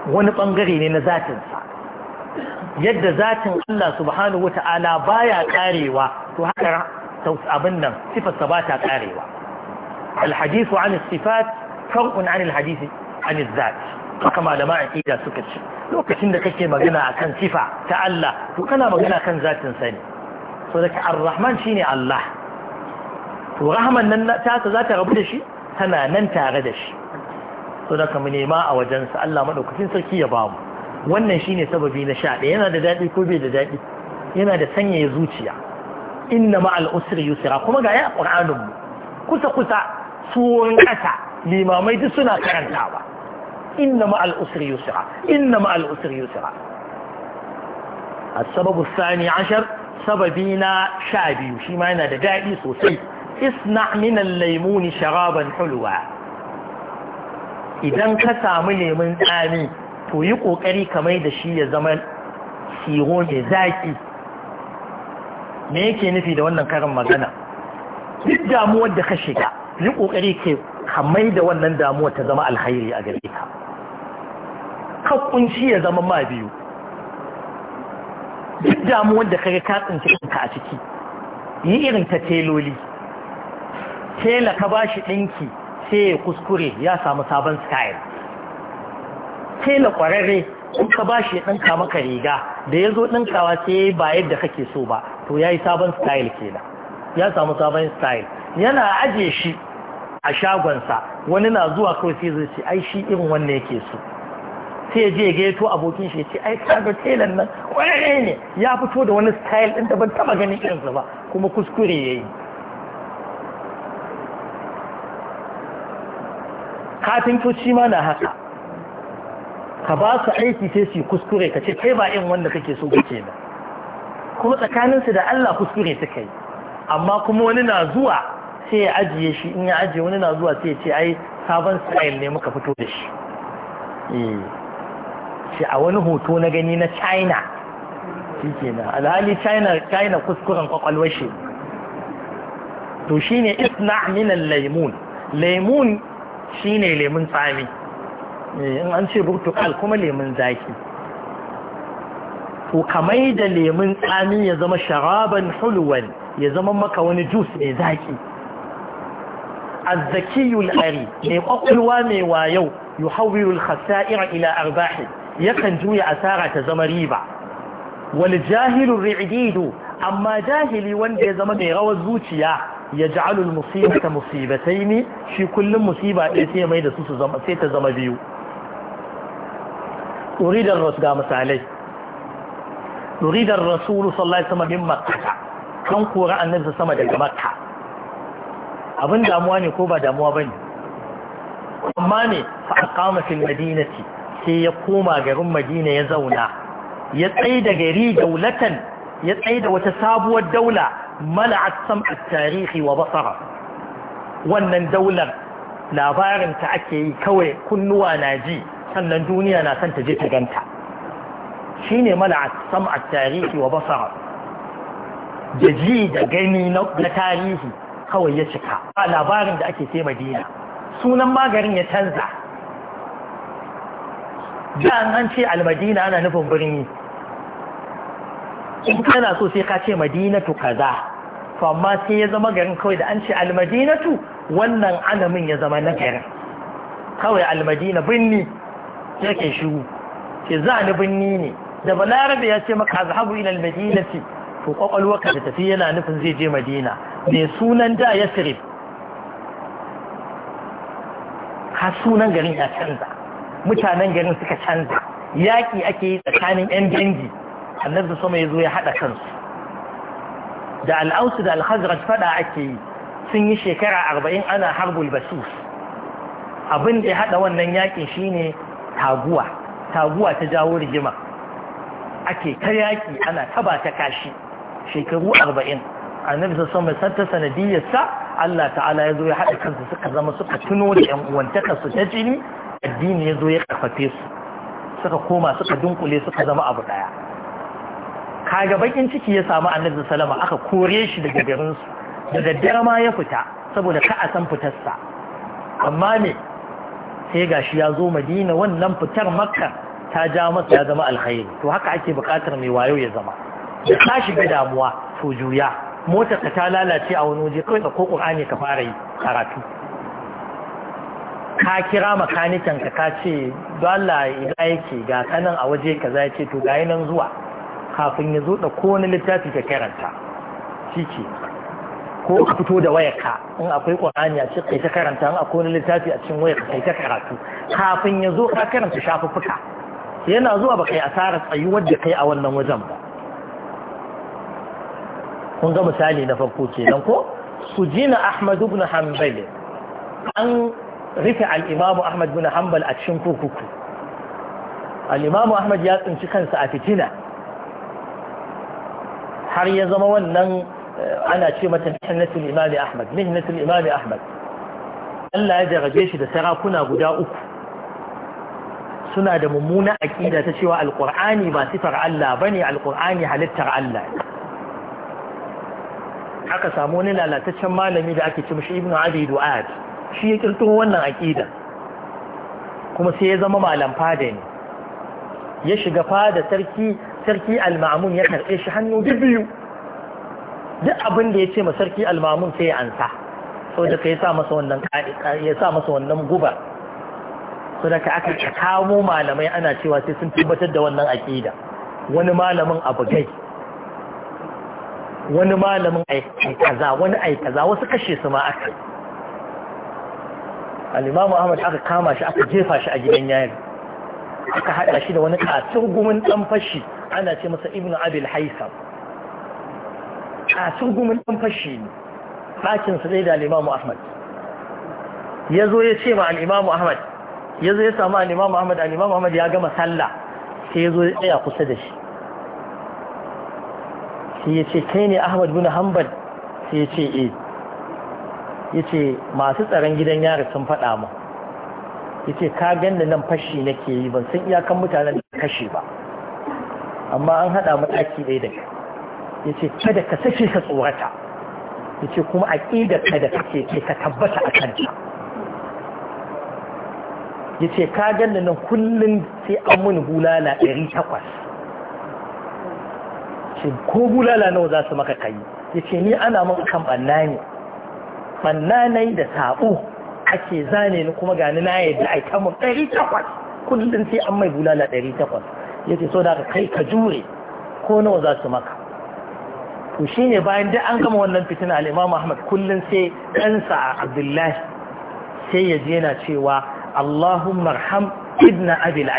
wani bangare ne na zatinsa yadda zatin Allah subhanahu wata'ala baya karewa to haka abin nan sifarsa ba ta karewa alhadisu an sifat far'un an alhadisi an zat haka malama aqida suka ce lokacin da kake magana akan sifa ta Allah to kana magana kan zatin sa ne so daga ar shine Allah to rahman nan ta za ta rabu da shi tana nan tare da shi so daga mu nema a wajensa Allah madaukakin sarki ya bamu wannan shine sababi na sha ɗaya yana da daɗi ko bai da daɗi yana da sanyaya zuciya inna ma'al usri yusra kuma ga ya qur'anin mu kusa kusa suwoyin ƙasa limamai duk suna karantawa inna ma'al usri yusra inna ma'al usri yusra السبب الثاني عشر سببينا شعبي وشي ما ينا دائي سوسي اصنع من الليمون شرابا حلوا idan ka samu lemun tsami to yi ƙoƙari kamar da shi ya zama siro mai zaƙi me yake nufi da wannan karin magana duk damuwar da ka shiga yi ƙoƙari ke kamar da wannan damuwar ta zama alhairi a gare ka kakunci ya zama ma biyu duk damuwar da kaga ka tsinci ka a ciki yi irin ta teloli tela ka ba shi ɗinki sai ya kuskure ya samu sabon style tela kwararre in ka ba shi ɗinka maka riga da ya zo ɗinkawa sai ba yadda kake so ba to ya yi sabon style kenan ya samu sabon style yana ajiye shi a shagonsa wani na zuwa kawai sai zai ce ai shi irin wannan yake so sai je ga abokin shi ce ai kaga telan nan kwararre ne ya fito da wani style ɗin da ban taba ganin irinsa ba kuma kuskure ya yayi kafin ma na haka ka ba su aiki sai su kuskure ka ce kai ba in wanda kake so kake ba kuma tsakaninsu da Allah kuskure suka yi amma kuma wani na zuwa sai ya ajiye shi in ya ajiye wani na zuwa sai ya ce ai sabon style ne muka fito da shi eh, shi a wani hoto na gani na china shi na, alhali china china kuskuren kwakwalwar shi to shine isna min laimun laimun shine lemun tsami Eh, in an ce burtukal kuma lemun zaki to kamai da lemun tsami ya zama sharaban hulwan ya zama maka wani jus mai zaki azzakiyul ari mai kwakwalwa mai wayau yuhawwirul khasa'ira ila arbahi yakan juya asara ta zama riba wal jahilur ri'didu amma jahili wanda ya zama mai rawar zuciya ya ja'alul musibata ne shi kullum musiba ɗaya mai da su sai ta zama biyu أريد الرسول قام عليه أريد الرسول صلى الله عليه وسلم من مكة كان قراء النبي صلى الله عليه وسلم مكة abin damuwa ne ko ba damuwa ba amma ne faƙama fil madinati sai ya koma garin madina ya zauna ya tsaye da gari daulatan ya tsai da wata sabuwar daula mala'at sam'at tarihi wa basara wannan daular labarinta ake yi kawai kunnuwa na ji sannan duniya na son ta je ta ganta shine mala'at a tarihi wa basara da ji da gani na tarihi kawai ya cika a labarin da ake sai madina sunan magarin ya canza da an ce almadina ana nufin birni in kana so sai ka ce madinatu kaza to amma sai ya zama garin kawai da an ce almadinatu wannan alamin ya zama na garin kawai almadina birni yake kai shiru ce za ni binni ne da balarabe ya ce maka azhabu ila almadinati to kwakwalwarka da tafi yana nufin zai je madina mai sunan da yasrib ha sunan garin ya canza mutanen garin suka canza yaƙi ake yi tsakanin 'yan dangi annabi sama ya zo ya haɗa kansu da al'ausu da alhazrat fada ake yi sun yi shekara arba'in ana harbul basu abin da ya haɗa wannan yaƙin shine taguwa taguwa ta jawo rigima ake ta yaƙi ana taba ta kashi shekaru arba'in annabi wasallam sai sanadiyar sa Allah ta'ala ya zo ya haɗa kansu suka zama suka tuno da ‘yan uwantaka su ta jini addini ya zo ya karfafe su suka koma suka dunkule suka zama abu ɗaya kaga bakin ciki ya samu annabi wasallam aka kore shi daga su daga daddare ma ya fita saboda ka a san fitarsa amma ne sai shi ya zo madina wannan fitar makka ta ja masa ya zama alkhairi to haka ake bukatar mai wayo ya zama da ka shiga damuwa to juya motar ka ta lalace a wani waje kawai ko qur'ani ka fara yi karatu ka kira makanikan ka ka ce dole ina yake ga kanan a waje kaza yace to ga zuwa kafin ya zo da ko wani littafi ka karanta shi ke ko ka fito da wayarka in akwai qur'ani a cikin kai ta karanta in akwai wani littafi a cikin wayarka kai ta karatu kafin ya zo ka karanta shafuffuka yana zuwa ba kai tsara tsayuwar da kai a wannan wajen ba kun ga misali na farko kenan ko sujina ahmad ibn hanbal an rufe al-imam ahmad ibn hanbal a cikin kurkuku al-imam ahmad ya tsinci kansa a fitina har ya zama wannan ana ce mata mihnatul imami ahmad mihnatul imami ahmad Allah ya jarabe shi da sarakuna guda uku suna da mummuna aƙida ta cewa alƙur'ani ba sifar Allah ba ne alƙur'ani halittar Allah aka samu wani lalataccen malami da ake cimshi ibn abi du'ad shi ya kirkiro wannan aƙida kuma sai ya zama malam fada ne ya shiga fada sarki sarki al-ma'mun ya karɓe shi hannu biyu duk abin da ya ce ma sarki almamun sai ya ansa so da ka ya sa masa wannan guba so da ka aka kamo malamai ana cewa sai sun tabbatar da wannan aƙida wani malamin abu gai wani malamin aikaza wani aikaza wasu kashe su ma aka al'imamu ahmad aka kama shi aka jefa shi a gidan yari aka haɗa shi da wani gumin ɗan fashi ana ce masa ibnu abil haisam katin gumin ɗan fashi ne ɗakin su zai da al'imamu ahmad ya zo ya ce ma al'imamu ahmad ya zo ya samu al'imamu ahmad al'imamu ahmad ya gama sallah sai ya zo ya tsaya kusa da shi sai ya ce kai ne ahmad bin hanbal sai ya ce eh ya ce masu tsaron gidan yari sun faɗa mu ya ce ka ganni nan fashi nake yi ban san iyakan mutanen da kashe ba amma an haɗa mu ɗaki ɗaya da kai ya ce kada ka sake ka tsorata ya ce kuma aƙidarka da kake ke ka tabbata a kanta ya ce ka ganin nan kullum sai an mun bulala ɗari takwas ce ko bulala nawa za su maka kayi ya ce ni ana mun kan banna ne banna na da saɓo ake zane ni kuma gani na yadda a ta mun ɗari takwas kullum sai an mai bulala ɗari takwas ya ce so da kai ka jure ko nawa za su maka to shine bayan da an gama wannan fitina al-Imam Ahmad kullum sai ɗansa a Abdullahi sai ya je na cewa allahun marham ibn abil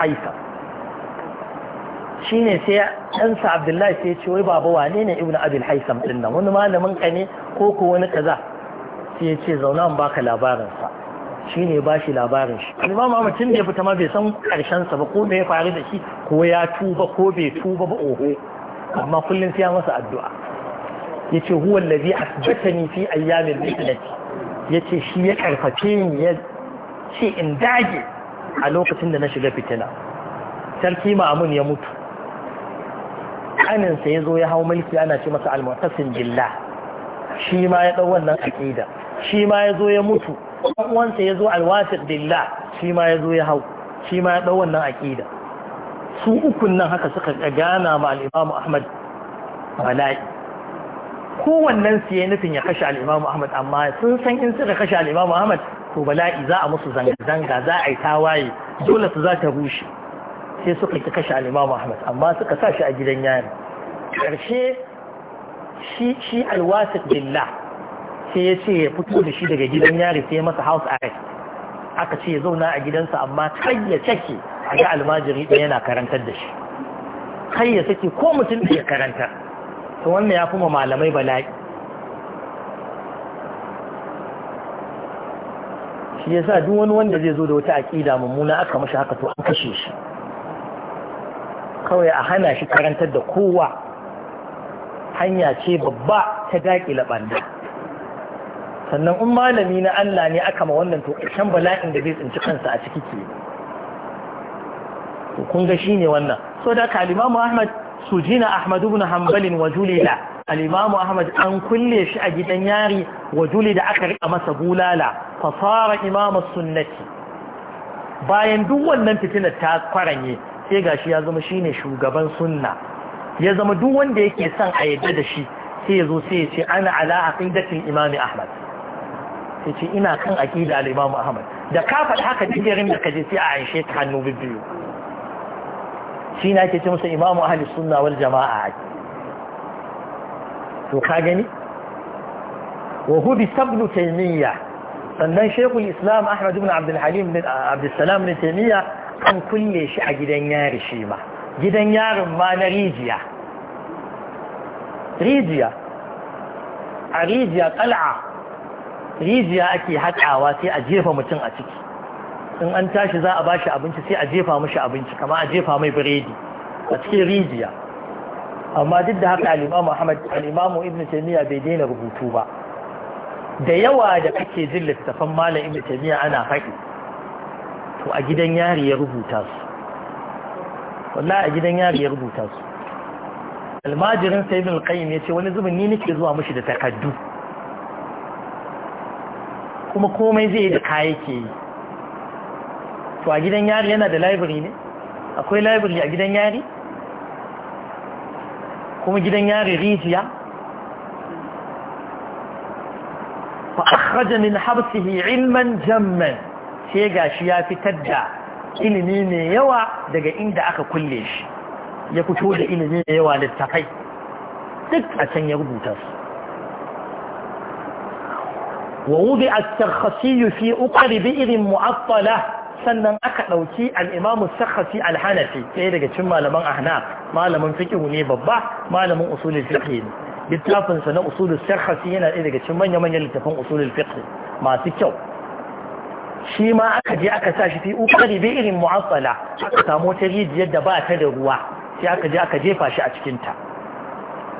haifa Shi ne sai ɗansa Abdullahi sai ce wai baba wane ne ibn abil haifa haytham nan wani malamin ka ne ko ko wani kaza sai ya ce zaunan ba baka labarinsa. Shi ne ba shi labarin shi al’imam Ahmad tun da ya fita ma bai san karshen sa ba ko me ya faru da shi ko ya tuba ko bai tuba ba oho amma kullum sai ya masa addu'a Ya yace huwa allazi asbatani fi ayyamil Ya ce shi ya karfafe ni ya ce in dage a lokacin da na shiga fitina sarki ma'amun ya mutu kaninsa ya zo ya hau mulki ana ce masa almutasin billah shi ma ya ɗau wannan aƙida shi ma ya zo ya mutu uwansa ya zo alwasir billah shi ma ya zo ya hau shi ma ya ɗau wannan aƙida su ukun nan haka suka gana ma al'imamu ahmad bala'i kowannen su yayi nufin ya kashe al'imamu ahmad amma sun san in suka kashe al'imamu ahmad to bala'i za a musu zanga-zanga za a yi tawaye dole su za ta rushe sai suka ki kashe al'imamu ahmad amma suka sa shi a gidan yari ƙarshe shi shi alwasik billah sai ya ce ya fito da shi daga gidan yari sai masa house arrest aka ce ya zauna a gidansa amma kai ya cake ga almajiri ɗaya yana karantar da shi har ya sake ko mutum ɗaya karanta to wannan ya fi ma malamai bala'i shi ya sa duk wani wanda zai zo da wata aƙida mummuna aka mashi haka to an kashe shi kawai a hana shi karantar da kowa hanya ce babba ta daƙila ɓanda sannan in malami na Allah ne aka ma wannan to bala'in da zai tsinci kansa a ciki ke kun ga ne wannan so da ka alimamu Ahmad jina Ahmad ibn hambalin wa julila Alimamu Ahmad an kulle shi a gidan yari wa da aka rika masa bulala fa fara imam sunnati bayan duk wannan fitinar ta kwaranye sai gashi ya zama shine shugaban sunna ya zama duk wanda yake son a yadda da shi sai ya zo sai ya ce ana ala aqidatin imamu Ahmad sai ce ina kan aqida Alimamu Ahmad da ka faɗi haka jirgin da ka kaje sai a anshe ta hannu bibiyu shi na ke ce musu imamu ahli sunna wal jama'a to ka gani wa hu bi sabnu taymiya sannan shaykhul islam ahmad ibn abd bin Abdulsalam salam bin taymiya an kulle shi a gidan yari shi ma gidan yarin ma na rijiya rijiya a rijiya kal'a rijiya ake haƙawa sai a jefa mutum a ciki in an tashi za a ba shi abinci sai a jefa mashi abinci kama a jefa mai biredi a cikin rijiya amma duk da haka alimamu Muhammad alimamu ibn taymiya bai daina rubutu ba da yawa da kake jin littafan malam ibn taymiya ana haƙi to a gidan yari ya rubuta su wallahi a gidan yari ya rubuta su almajirin sayyid al-qayyim ce wani zubin ni nake zuwa mishi da takaddu kuma komai zai da kaya ke yi to a gidan yari yana da library ne akwai library a gidan yari kuma gidan yari rijiya fa akhraja min habsihi ilman jamman sai gashi ya fitar da ilimi mai yawa daga inda aka kulle shi ya fito da ilimi mai yawa littafai duk a can ya rubuta su ووضع fi في أقر irin معطلة sannan aka ɗauki al'imamu sakhafi alhanafi ɗaya daga cin malaman ahna malamin fikihu ne babba malamin usulul fiqh ne littafinsa na usulul sakhafi yana ɗaya daga cin manya-manyan littafin usulul masu kyau shi ma aka je aka sa shi fi ukari bai irin mu'asala aka samu ta rijiyar da ba ta da ruwa sai aka je aka jefa shi a cikin ta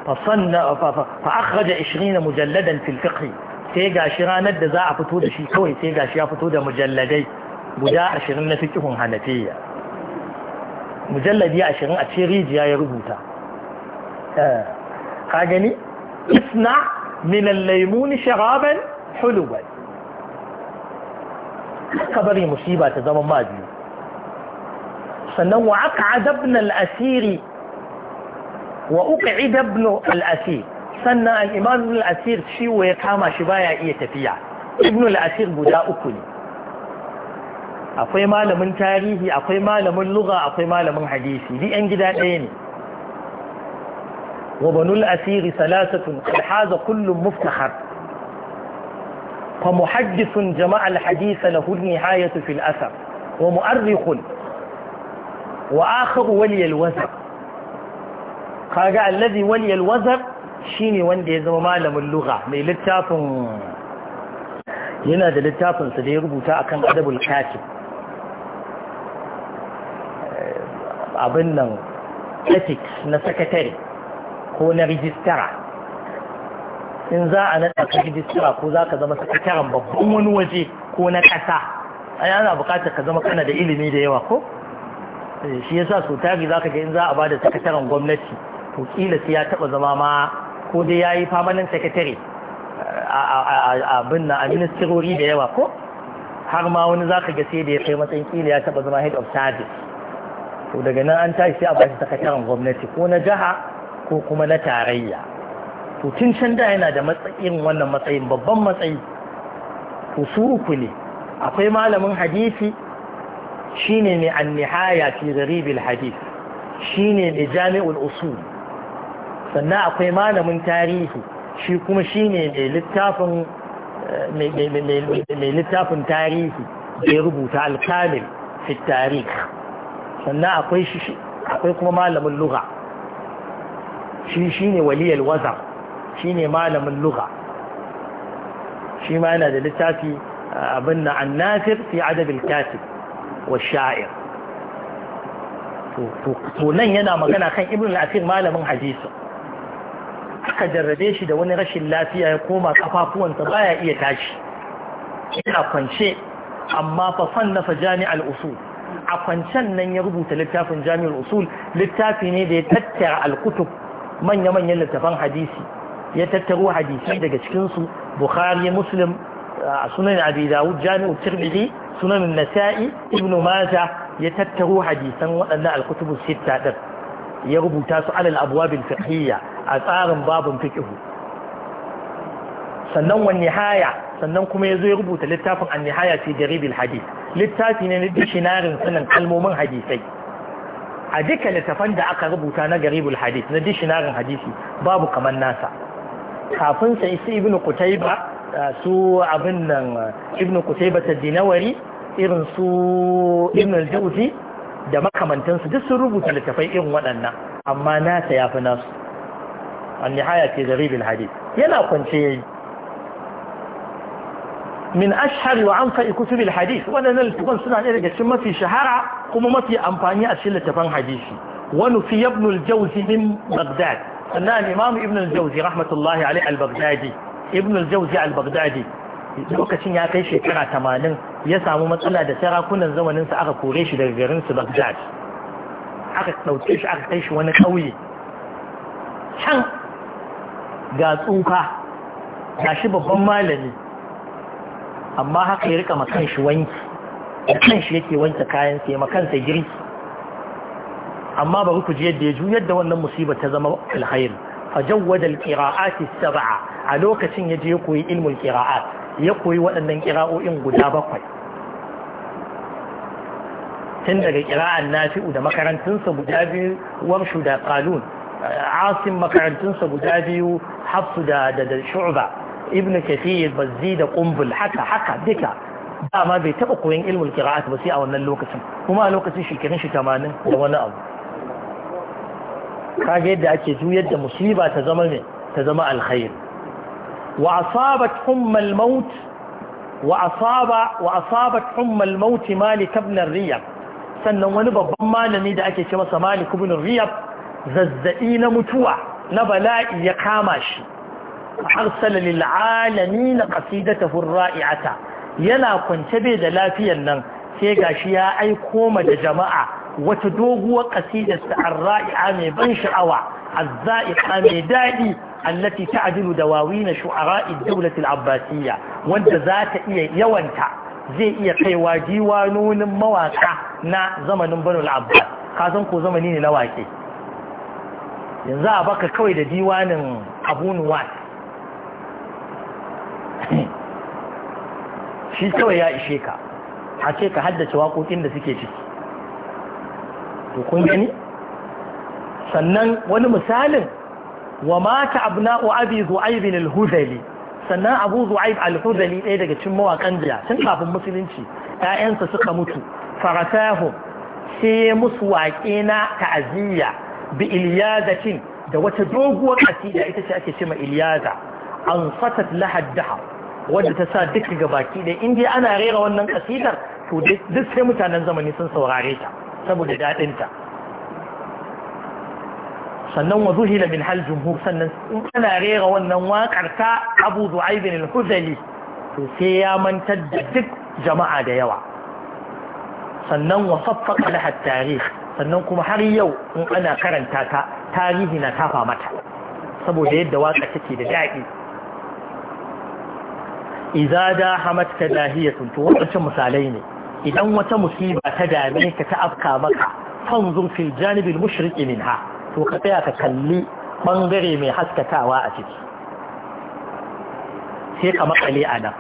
fa sanna fa akhraja 20 mujalladan fil fiqh sai gashi ranar da za a fito da shi kawai sai gashi ya fito da mujalladai guda ashirin na fikihun hanafiya mujalladi ashirin a cikin rijiya ya rubuta ka gani isna min al-laymun sharaban huluban ka bari musiba ta zama ma sannan wa aq'ada ibn al-asiri wa uq'ida ibn al-asir sannan al-imam al-asir shi ya kama shi baya iya tafiya ibn al-asir guda uku ne akwai malamin tarihi akwai malamin lugha akwai malamin hadisi duk gida ɗaya ne wa banul asiri salasatun alhaza kullum muftahar fa muhaddithun jama'a alhadisa lahu nihayatu fil asar wa mu'arrikhun wa akhar wali alwazar kaga allazi wali alwazar shine wanda ya zama malamin lugha mai littafin yana da littafin sa da ya rubuta akan adabul katib abin nan ethics na sakatare ko na rijistara in za a naɗa ka rijistara ko za ka zama sakataren babban wani waje ko na ƙasa a ana bukatar ka zama kana da ilimi da yawa ko eh, shi yasa so tari za ka ga in za a ba da sakataren gwamnati to kila sai ya taɓa zama ma ko dai ya yi famanin sakatare a abin na a ministirori da yawa ko har ma wani za ka ga sai da ya kai matsayin kila ya taba zama head of service to daga nan an tashi sai a bashi sakataren gwamnati ko na jiha ko kuma na tarayya to tun can da yana da matsayin wannan matsayin babban matsayi to su uku ne akwai malamin hadisi shine mai annihaya fi gharibil hadis, shine mai jami'ul usul sannan akwai malamin tarihi shi kuma shine mai littafin eh, mai littafin tarihi bai rubuta alkamil fi tarihi sannan akwai shi akwai kuma malamin lugha shi shine waliyar wazar shine malamin lugha shi ma yana da littafi abin na annasir fi adabin katib wa sha'ir to nan yana magana kan ibn al-asir malamin hadisi aka jarrabe shi da wani rashin lafiya ya koma kafafuwansa baya iya tashi yana kwance amma fa sannafa jami'al usul a kwancen nan ya rubuta littafin jami'ar usul littafi ne da ya tattara alkutub manya-manyan littafan hadisi ya tattaro hadisi daga cikinsu bukhari muslim a sunan abu dawud jami'ar tirmidhi sunan nasa'i ibnu maja ya tattaro hadisan waɗannan alkutubus sitta din ya rubuta su alal abwabil fiqhiyya a tsarin babun fiqh sannan wani haya sannan kuma ya rubuta littafin an nihaya fi jaribil hadith littafi ne na dishinarin sanin kalmomin hadisai a duka littafan da aka rubuta na garibul hadis na dishinarin hadisi babu kamar nasa kafin sa isi ibnu kutaiba su abin nan ibnu kutaiba ta dinawari irin su ibnu jauzi da makamantansu duk sun rubuta littafai irin waɗannan amma nasa ya fi nasu an nihaya ce garibul hadis yana kwance yayi min ashhar wa anfa kutub alhadith wadannan littafan suna ɗaya daga cikin mafi shahara kuma mafi amfani a cikin littafan hadisi wa fi ibn al-jawzi min baghdad sannan imam ibn al-jawzi rahmatullahi alayhi al-baghdadi ibn al-jawzi al-baghdadi lokacin ya kai shekara tamanin ya samu matsala da sarakunan zamanin sa aka kore shi daga garin su baghdad aka ɗauke shi aka kai shi wani ƙauye can ga tsufa ga babban malami amma haka ya rika makan shi wanki kan shi yake wanke kayan sai makan sai girki amma bari ku ji yadda ya juyar yadda wannan musiba ta zama fa fajawwada alqira'at as-sab'a a lokacin yaje ya koyi ilmul kira'a ya koyi waɗannan qira'o'in guda bakwai tun daga qira'an nafi'u da sa guda biyu wamshu da qalun asim makarantunsa guda biyu hafsu da da shu'ba ابن كثير بزيد قنبل حكا حكا دكا ما بيتبقى قوين علم القراءات بسيء او ان اللوكس وما لوكس ايش الكرين شو كمان هو نعم كاقي يدى اكي زو يدى مصيبة تزمن تزمع الخير وعصابت حم الموت وعصاب وعصابت حم الموت مالك ابن الرياب سنة ونبا بمانا نيدى اكي شمس مالك ابن الرياب ززئين متوع نبا لا يقاماشي harsala lil alamin qasidatahu ar-ra'i'ata yana kwance bai da lafiyar nan sai gashi ya aiko ma da jama'a wata doguwar qasidar sa ar mai ban sha'awa az-za'iqa mai dadi allati ta'dilu dawawin shu'ara'i na dawlati al-abbasiyya wanda za ta iya yawanta zai iya kaiwa diwanoni mawaka na zamanin banu al-abbas san ko zamani ne na wake? yanzu a baka kawai da diwanin abu nuwas shi kawai ya ishe ka a ce ka haddace waƙoƙin da suke ciki to kun gani sannan wani misalin wa mata abna'u abi zu'aib al-hudali sannan abu zu'aib al-hudali ɗaya daga cin mawaƙan jiya tun kafin musulunci ƴaƴansa suka mutu farasahu sai musu waƙe na ta'aziyya bi ilyazatin da wata doguwar da ita ce ake cewa ilyaza an fatat lahaddaha wadda ta sa duka gabaki da indiya ana rera wannan kasidar to duk sai mutanen zamani sun saurare ta saboda daɗinta sannan wa zuhila min hal jumhur sannan in ana rera wannan wakar ta abu zu'aibin al-huzali to sai ya mantar da duk jama'a da yawa sannan wa saffaka laha tarih sannan kuma har yau in ana karanta ta tarihi na kafa mata saboda yadda waƙa take da daɗi ta dahamat kadahiyatun to wannan misalai ne idan wata musiba ta dame ka ta afka maka fanzur fil janib al minha to ka tsaya ka kalli bangare mai haskatawa a ciki sai ka makale a nan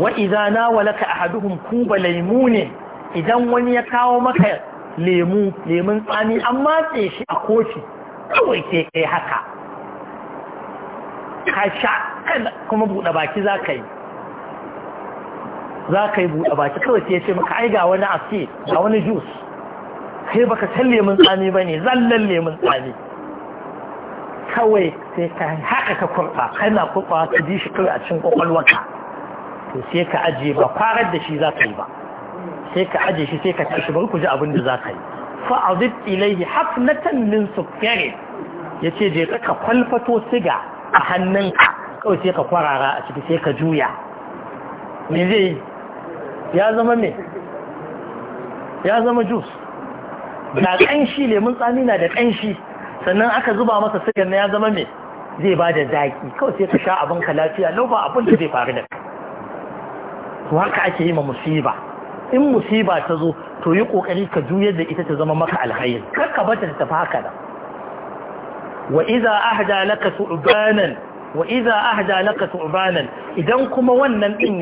wa idza nawalaka ahaduhum kuba laymunin idan wani ya kawo maka lemu lemun tsami an matse shi a kofi kawai sai kai haka ka sha kuma buɗe baki za ka yi za ka yi buɗe baki kawai sai ya ce maka ai ga wani aske ga wani jus kai baka san lemun tsami ba ne zallan lemun tsami kawai sai ka haka ka kurɓa kana kurɓa ka ji shi kawai a cikin kwakwalwaka to sai ka ajiye ba kwarar da shi za ka yi ba sai ka ajiye shi sai ka tashi shi ku ji abin da za ka yi fa fa'azid ilaihi hafnatan min sukari yace je ka kwalfato siga a hannunka kawai sai ka kwarara a ciki sai ka juya me zai ya zama me ya zama jus na ƙanshi lemun tsami na da ƙanshi sannan aka zuba masa sigar na ya zama me zai ba da zaki kawai sai ka sha abin ka lafiya lau ba abin da zai faru da to haka ake yi ma musiba in musiba ta zo to yi kokari ka juyar da ita ta zama maka alhairi kar ka bata ta tafi haka da. wa idza ahda laka su'banan wa iza ahda laka tu'banan idan kuma wannan din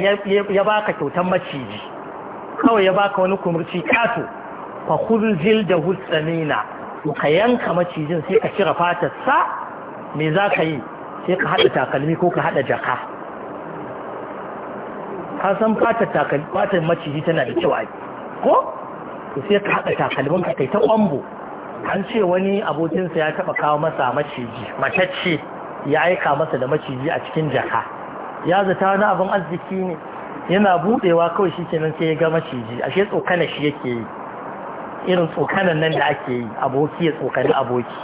ya baka kyautar maciji kawai ya baka wani kumurci kato fa khudhil da husamina ka yanka macijin sai ka cire fatar sa me za ka yi sai ka hada takalmi ko ka hada jaka ka san fatar takalmi fatar maciji tana da kyau ai ko to sai ka hada takalmin ka kai ta kwambo an ce wani abokinsa ya taba kawo masa maciji matacce ya aika masa da maciji a cikin jaka ya zata wani abin arziki ne yana budewa kawai shi kenan sai ya ga maciji ashe tsokana shi yake yi irin tsokanan nan da ake yi aboki ya tsokani aboki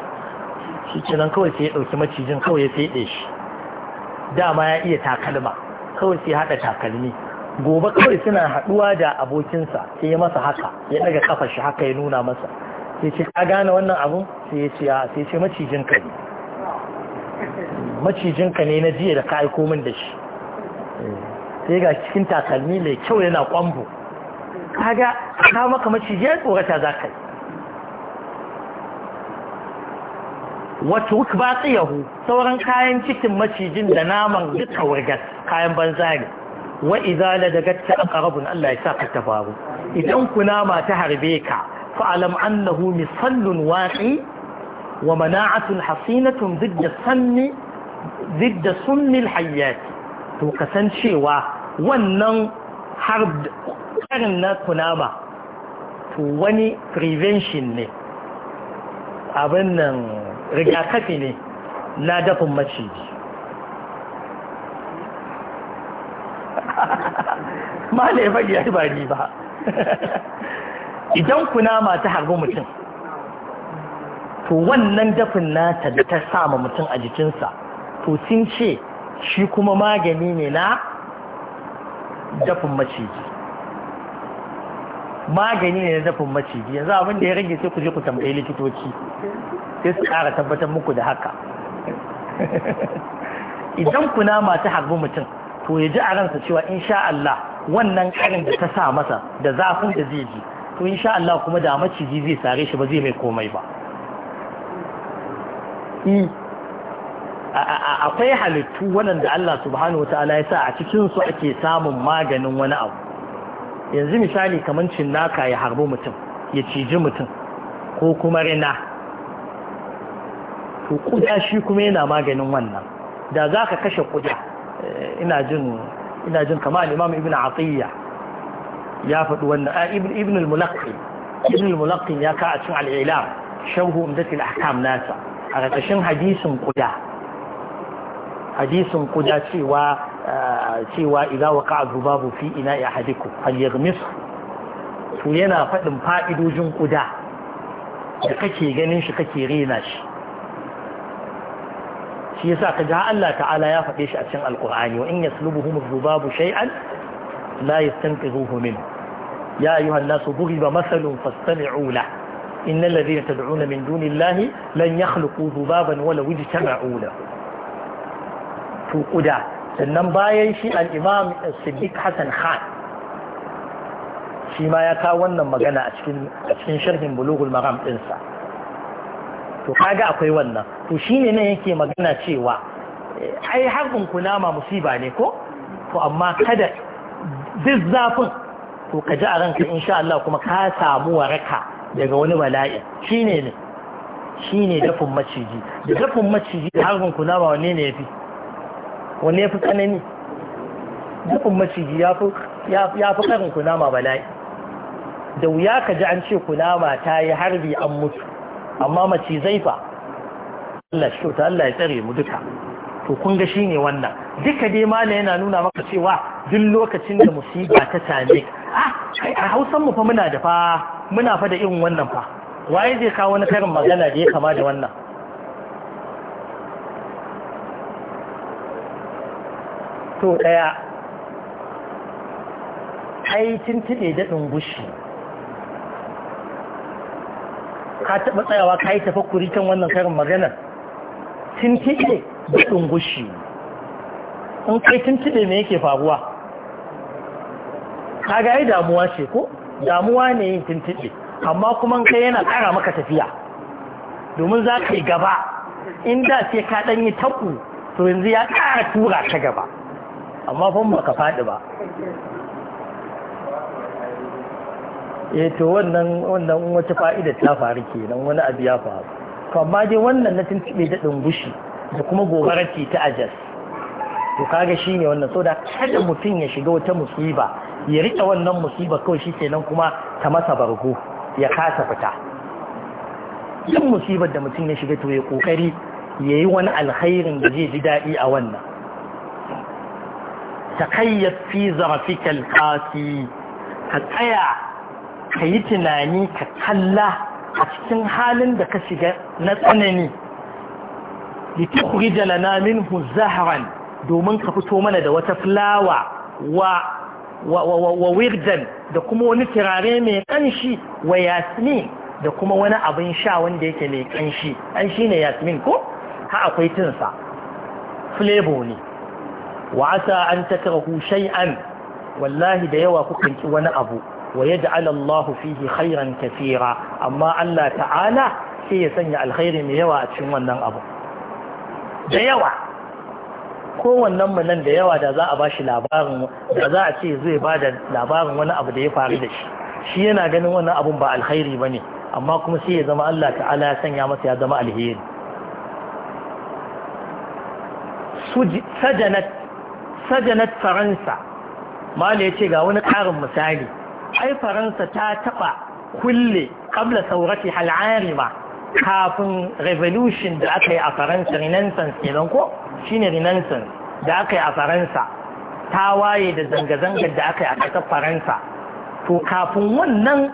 shi kenan kawai sai ya ɗauki macijin kawai ya feɗe shi dama ya iya takalma kawai sai haɗa takalmi gobe kawai suna haɗuwa da abokinsa sai ya masa haka ya ɗaga kafa shi haka ya nuna masa sai ce ka gane wannan abun sai ya ce sai macijin kari macijinka ne na jiya da ka aiko min da shi sai ga cikin takalmi mai kyau yana kwambo kaga ka maka maciji ya tsorata za ka yi wata wuka ba sauran kayan cikin macijin da naman duka wurgar kayan banza ne wa izala da gatta a Allah ya sa ka ta faru idan nama ta harbe ka fa'alam annahu misallun watsi wa mana'atun hasinatun duk da sanni ضد سن الحيات to kasancewa wannan har karin na kunama to wani prevention ne abin nan rigakafi ne na dafin maciji ma ne ya faɗi ya ba ni ba idan kunama ta harbi mutum to wannan dafin nata da ta sama mutum a jikinsa to sun ce shi kuma magani ne na dafin maciji magani ne na dafin maciji yanzu abin da ya rage sai ku je ku tambayi likitoci sai su ƙara tabbatar muku da haka idan kuna masu harbi mutum to ya ji a ransa cewa insha Allah wannan karin da ta sa masa da zafin da zai ji to insha Allah kuma da maciji zai sare shi ba zai mai komai ba e, akwai halittu waɗanda Allah subhanahu wa ta'ala ya sa a cikinsu ake samun maganin wani abu yanzu misali kamar cinnaka ya harbo mutum ya ciji mutum ko kuma rina to kuda shi kuma yana maganin wannan da za ka kashe kuda eh, ina jin ina jin kama imam ibn atiyya ya faɗi wannan ah, ibn ibn al-mulaqqi ibn al-mulaqqi ya ka a cikin al-ilam sharhu umdat al-ahkam nasa a ƙarƙashin hadisin kuda hadisin kuda cewa eh, cewa idza waqa'a dhubabu fi ina'i ahadikum falyaghmisu to yana faɗin fa'idojin kuda da kake ganin shi kake rena shi shi yasa ka ha Allah ta'ala ya faɗe shi a cikin alqur'ani wa in yaslubuhum dhubabu shay'an la yastanqidhuhu min ya ayyuha an-nasu duriba masalun fastami'u lahu innal ladhina tad'una min dunillahi lan yakhluqu dhubaban walaw ijtama'u lahu wato kuda sannan bayan shi al'imam siddiq hassan khan shi ma ya kawo wannan magana a cikin sharhin bulugul maram ɗinsa to kaga akwai wannan to shi ne nan yake magana cewa ai harbin kunama musiba ne ko to amma kada duk zafin to ka ji a ranka insha Allah kuma ka samu waraka daga wani bala'i shi ne ne shi ne dafin maciji da dafin maciji da harbin kunama wane ne ya fi wanne ya fi tsanani dukkan maciji ya fi karin kunama bala'i da wuya ka ji an ce kunama ta yi harbi an mutu amma macizai fa Allah shi kyauta Allah ya tsare mu duka to kun ga shine wannan duka dai mala yana nuna maka cewa duk lokacin da musiba ta same ah, a hausan mu fa muna da fa muna fa da irin wannan fa waye zai kawo wani karin magana da ya kama da wannan so ɗaya ai tuntuɗe daɗin gushi ka taɓa tsayawa ka yi tafakuri kan wannan karin maganar tuntuɗe daɗin gushi in kai tuntuɗe me yake faruwa ka ga yi damuwa ce ko damuwa ne yin tuntuɗe amma kuma kai yana ƙara maka tafiya domin za ka yi gaba in da sai ka ɗanyi taku to yanzu ya ƙara tura ta gaba amma fa ba ka faɗi ba eh to wannan wannan wata fa'ida ta faru kenan wani abu ya faru to amma dai wannan na tuntube da gushi da kuma gobara ta ajas to kaga shine wannan so da kada mutum ya shiga wata musiba ya rike wannan musiba kawai shi kenan kuma ta masa bargo ya kasa fita yin musibar da mutum ya shiga to ya kokari ya yi wani alkhairin da zai ji daɗi a wannan tatakayyar fi zarafi kati ka tsaya ka yi tunani ka kalla a cikin halin da ka shiga na tsanani yi ta kuri jalana min huzaharan domin ka fito mana da wata fulawa wa wirdan da kuma wani tirare mai ƙanshi, wa yasmin da kuma wani abin sha wanda yake mai ƙanshi. an shi yasmin ko ha akwai tinsa flavor ne wa an an takrahu shay'an wallahi da yawa kukan ki wani abu wa yaj'al Allah fihi khairan kathira amma Allah ta'ala sai ya sanya alkhairi mai yawa a cikin wannan abu da yawa kowannen mu nan da yawa da za a bashi labarin da za a ce zai ba da labarin wani abu da ya faru da shi shi yana ganin wannan abun ba alkhairi bane amma kuma sai ya zama Allah ta'ala ya sanya masa ya zama alheri sajanat sajanat faransa mala ya ce ga wani ƙarin misali ai faransa ta taɓa kulle kabla saurati hal'ari kafin revolution da aka yi a faransa renaissance kenan ko shine renaissance da aka yi a faransa ta waye da zanga-zangar da aka yi a ƙasar faransa to kafin wannan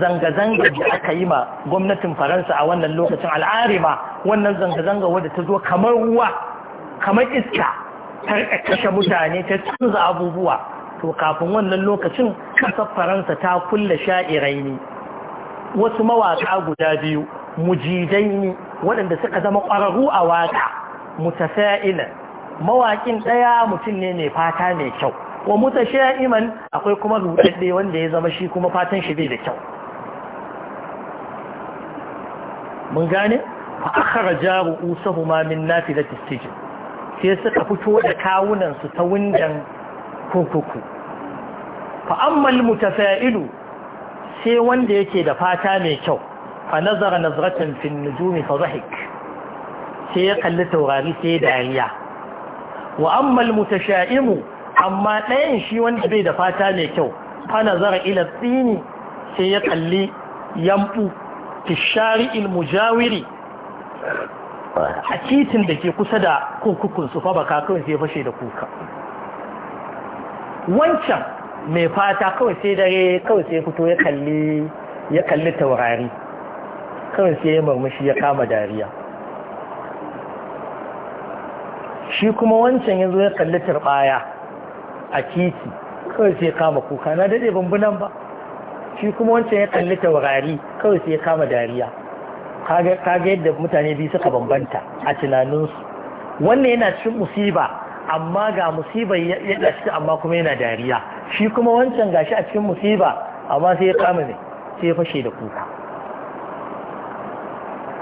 zanga-zangar da aka yi ma gwamnatin faransa a wannan lokacin al'arima wannan zanga-zanga wadda ta zo kamar ruwa kamar iska Karka kashe mutane ta canza abubuwa to kafin wannan lokacin kasar faransa ta kulle sha'irai ne wasu mawaka guda biyu mujidai ne waɗanda suka zama ƙwararru a waka mutasa'ila mawaƙin ɗaya mutum ne mai fata mai kyau wa mutasha'iman akwai kuma rudadde wanda ya zama shi kuma fatan shi bai da kyau mun gane fa akhara jaru min nafilati sijin sai suka fito da kawunansu ta wundan kurkuku fa'ammal mutafa'ilu sai wanda yake da fata mai kyau fa nazara nazratan fil nujumi fa sai ya kalli taurari sai dariya wa ammal mutasha'imu amma ɗayan shi wanda bai da fata mai kyau fa nazara ila tsini sai ya kalli yambu fi shari'il mujawiri a titin da ke kusa da kurkukun su fa baka kawai sai fashe da kuka wancan mai fata kawai sai dare kawai sai fito ya kalli ya kalli taurari kawai sai ya murmushi ya kama dariya shi kuma wancan ya zo ya kalli turbaya a titi kawai sai ya kama kuka na daɗe bambunan ba shi kuma wancan ya kalli taurari kawai sai ya kama dariya kaga yadda mutane biyu suka bambanta a tunaninsu wannan yana cikin musiba amma ga musiba ya shi amma kuma yana dariya shi kuma wancan gashi a cikin musiba amma sai ya kama ne sai ya fashe da kuka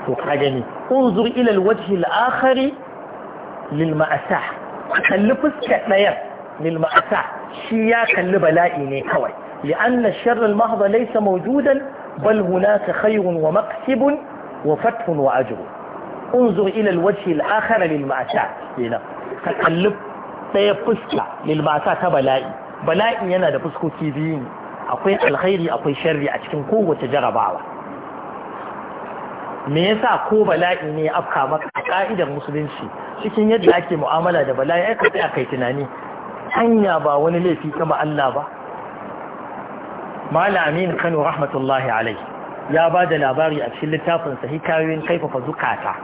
to ka gani unzur ila alwajhi al-akhari lil ma'asa kalli fuska ɗayan lil ma'asa shi ya kalli bala'i ne kawai لأن الشر المحض ليس موجودا بل هناك wa maktibun. وفتح وأجر انظر إلى الوجه الآخر للمعساة هنا تقلب سيفسك bala'i تبلائي بلائي أنا دفسك تيبيني akwai alkhairi akwai sharri a cikin kowace jarabawa me yasa ko bala'i ne afka maka a ka'idar musulunci cikin yadda ake mu'amala da bala'i aka a kai tunani hanya ba wani laifi kama Allah ba Malam Kano rahmatullahi alaihi ya ba da labari a cikin littafinsa hikayoyin kaifafa zukata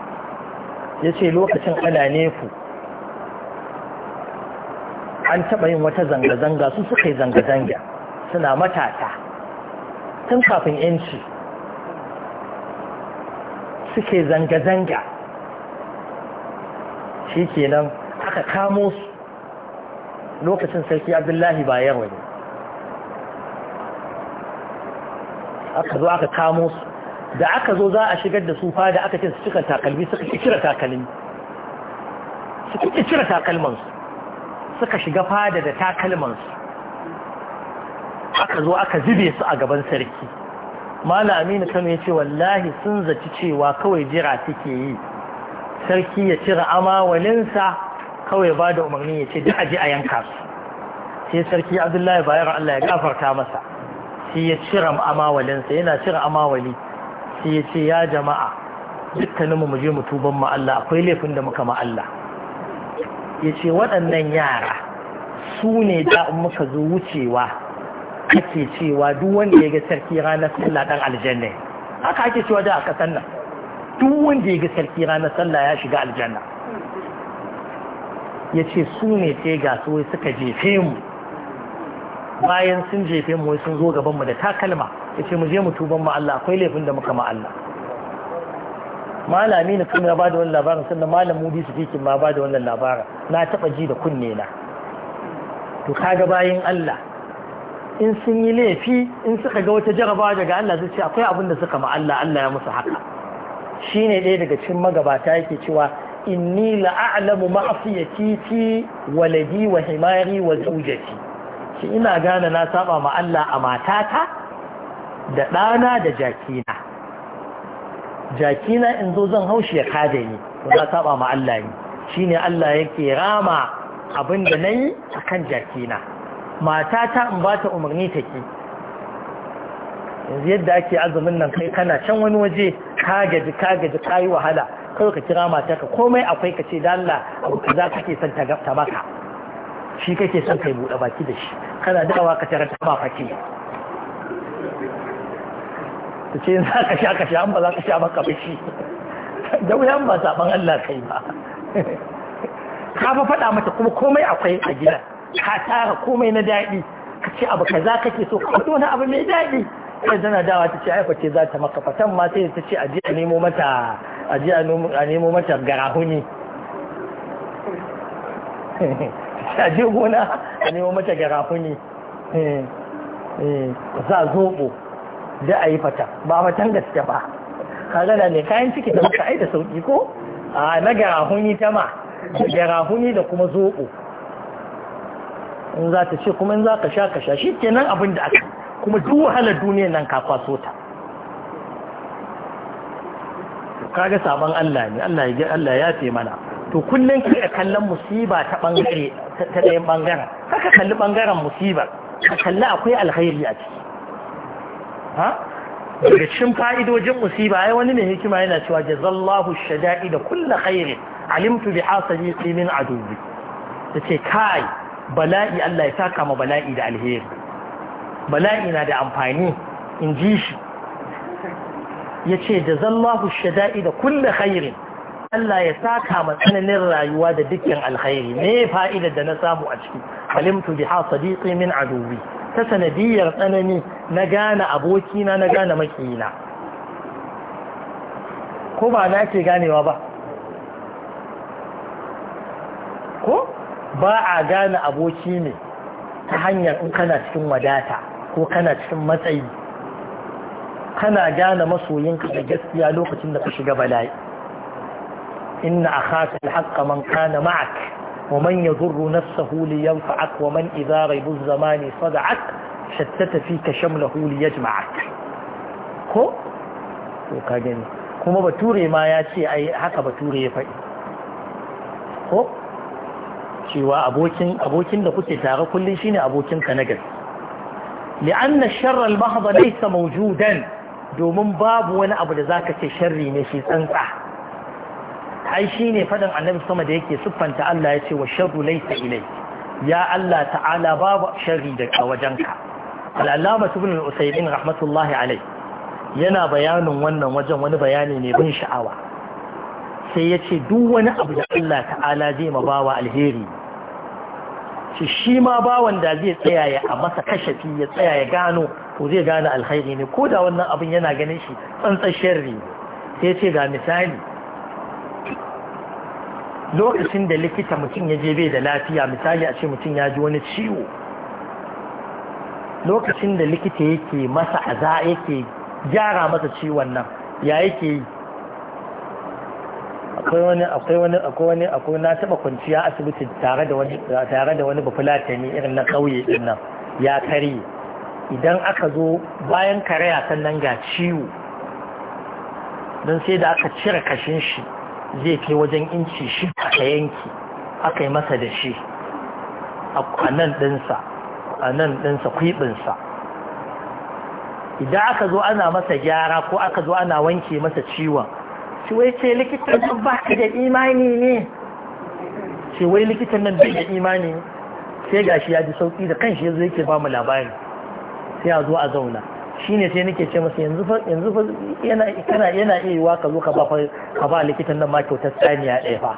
ya ce lokacin ana nefu an taɓa yin wata zanga-zanga su suka yi zanga-zanga suna matata tun kafin yanci suke zanga-zanga shi kenan aka kamo su lokacin sarki abdullahi bayarwa ne aka zo aka kamo su da aka zo za a shigar da su fada aka cin su cika takalmi suka cire takalmi suka cire takalmansu suka shiga fada da takalmansu aka zo aka zube su a gaban sarki Malam aminu kano ya ce wallahi sun zaci cewa kawai jira suke yi sarki ya cire amawalinsa kawai ba da umarni ya ce duk aji a yanka su sai sarki abdullahi bayar allah ya gafarta masa sai ya cire amawalinsa yana cire amawali sai ya ce ya jama'a dukkaninmu mu je mu tuban mu Allah akwai laifin da muka ma Allah ya ce waɗannan yara su ne da muka zo wucewa ake cewa duk wanda ya ga sarki ranar sallah dan aljanna haka ake cewa da a kasan nan duk wanda ya ga sarki ranar sallah ya shiga aljanna ya ce su ne sai ga suwai suka jefe mu bayan sun jefe mu sun zo gaban mu da takalma yace mu je mu tuban mu Allah akwai laifin da muka ma Allah malami ne kuma ya bada wannan labarin sannan malam mudi su fikin ma bada wannan labarin na taba ji da kunne na to kaga bayan Allah in sun yi laifi in suka ga wata jarabawa daga Allah zai ce akwai abin da suka ma Allah Allah ya musu haka shine ɗaya daga cikin magabata yake cewa inni la'alamu ma'asiyati fi waladi wa himari wa zujati. shi ina gane na saba ma Allah a matata da ɗana da jakina jakina in zo zan haushi ya kada yi na saba ma Allah ne shine Allah yake rama abin da na yi a kan jakina matata in ba ta umarni ta ke yanzu yadda ake azumin nan kai kana can wani waje ka gaji ka gaji ka yi wahala kawai ka kira mata ka komai akwai ka ce da Allah abu ka za ka ke son ta maka shi kake son kai buɗe baki da shi kana dawa ka tare ta ba fake ta ce za ka sha ka sha an ba za ka sha ba ka shi da wuyan ba saban Allah kai ba ka fa faɗa mata kuma komai akwai a gida ka tara komai na daɗi ka ce abu kaza kake so ka wani abu mai daɗi sai tana dawa ta ce ai ce za ta maka fatan ma sai ta ce aje a nemo mata aje a nemo mata garahuni a gona a nemo mace garafu ne eh, eh, za zoɓo da a yi fata ba fatan gaske ba kagana ne kayan ciki da muka aida sauƙi ko a na ne ta ma ne da kuma zoɓo in za ta ce kuma in za ka sha ka sha shi kenan abin da aka kuma duk wahalar duniyar nan ka kwaso ta kaga sabon Allah ne Allah ya ce mana to kullum ki da kallon musiba ta bangare ta ɗayan bangaren haka kalli bangaren musibar ka kalli akwai alkhairi a ciki ha daga cikin fa'idojin musiba ai wani ne hikima yana cewa jazallahu shada'i da kullu khairin alimtu bi hasabi min adubi yace kai bala'i Allah ya saka ma bala'i da alheri bala'i na da amfani in ji shi yace jazallahu shada'i da kullu khairin Allah ya saka ma tsananin rayuwa da dukkan alkhairi me fa'idar da na samu a ciki alimtu biha sadiqi min adubi ta sanadiyar tsanani na gane abokina na gane makiyina ko ba na ke ganewa ba ko ba a gane aboki ne ta hanyar in kana cikin wadata ko kana cikin matsayi kana gane masoyinka da gaskiya lokacin da ka shiga bala'i إن أخاك الحق من كان معك ومن يضر نفسه لينفعك ومن إذا ريب الزمان صدعك شتت فيك شمله ليجمعك ko to ka gani kuma bature ya ce ai haka bature ya faɗi ko cewa abokin da kuke tare kullum shine abokin ka na gaske li'anna sharra domin babu wani abu da zaka ce sharri ne shi tsantsa ai shine faɗin annabi sama da yake siffanta Allah ya ce wa sharru laysa ilai ya Allah ta'ala babu sharri daga wajenka al-allama ibn Usainin rahmatullahi alai yana bayanin wannan wajen wani bayani ne bin sha'awa sai ya ce duk wani abu da Allah ta'ala zai ma bawa alheri shi shi ma bawan da zai tsaya ya a masa kashafi ya tsaya ya gano ko zai gane alkhairi ne ko da wannan abin yana ganin shi tsantsan sharri sai ce ga misali lokacin da likita mutum ya je bai da lafiya misali a ce mutum ya ji wani ciwo lokacin da likita yake masa a a yake gyara masa ciwon nan ya yake yi akwai wani akwai wani akwai wani akwai na taba kwanciya asibiti tare da wani tare da bafulatani irin na kauye din nan ya kare idan aka zo bayan karaya sannan ga ciwo don sai da aka cire kashin shi zai kai wajen inci shi a yanki aka yi masa da shi a nan ɗinsa a nan ɗinsa kwiɓinsa idan aka zo ana masa gyara ko aka zo ana wanke masa ciwon shi wai ce likitan nan ba da imani ne shi wai likitan nan bai da imani sai gashi ya ji sauki da kanshi yanzu yake ba mu labari sai a zo a zauna shine sai nake ce masa yanzu fa yanzu yana yana iya yiwa ka zo ka ba ka ba likitan nan ma kyautar saniya ɗaya fa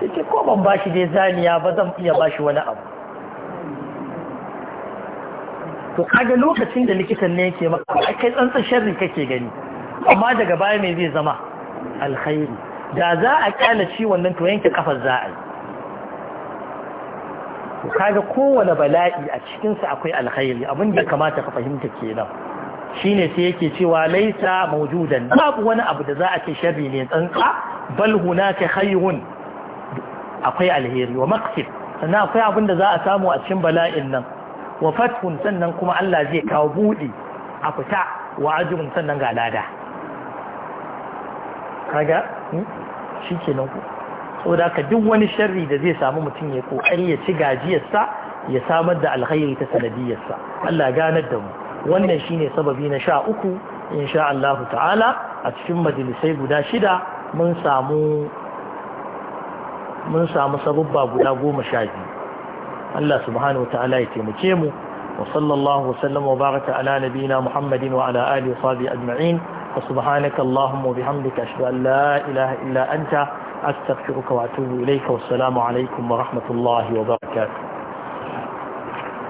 sai ce ko ban bashi dai saniya ba zan iya bashi wani abu to kaga lokacin da likitan ne yake maka kai tsantsan sharri kake gani amma daga baya me zai zama alkhairi da za a kyala ciwon nan to yanke kafar za a yi kaga kowane bala'i a cikinsa akwai alkhairi abin da kamata ka fahimta kenan shine sai yake cewa laisa mawjudan babu wani abu da za a ce sharri ne tsantsa bal hunaka khayrun akwai alheri wa maqsid sannan akwai abin da za a samu a cikin bala'in nan wa fathun sannan kuma Allah zai kawo budi a fita wa ajrun sannan ga lada kaga hmm? shikenan ku saboda ka duk wani sharri da zai samu mutum ya kokari ya ci gajiyarsa ya samar da alkhairi ta sanadiyarsa Allah ganar da mu wannan shine sababi na sha uku insha Allah ta'ala a cikin majalisai guda shida mun samu sababba guda goma sha biyu Allah subhanahu ta'ala ya taimake mu wa sallallahu wa wa baraka ala nabiyina Muhammadin wa ala alihi wa sahbihi ajma'in wa subhanaka Allahumma wa bihamdika ashhadu an la ilaha illa anta astaghfiruka wa atubu ilayka wa assalamu alaikum wa rahmatullahi wa barakatuh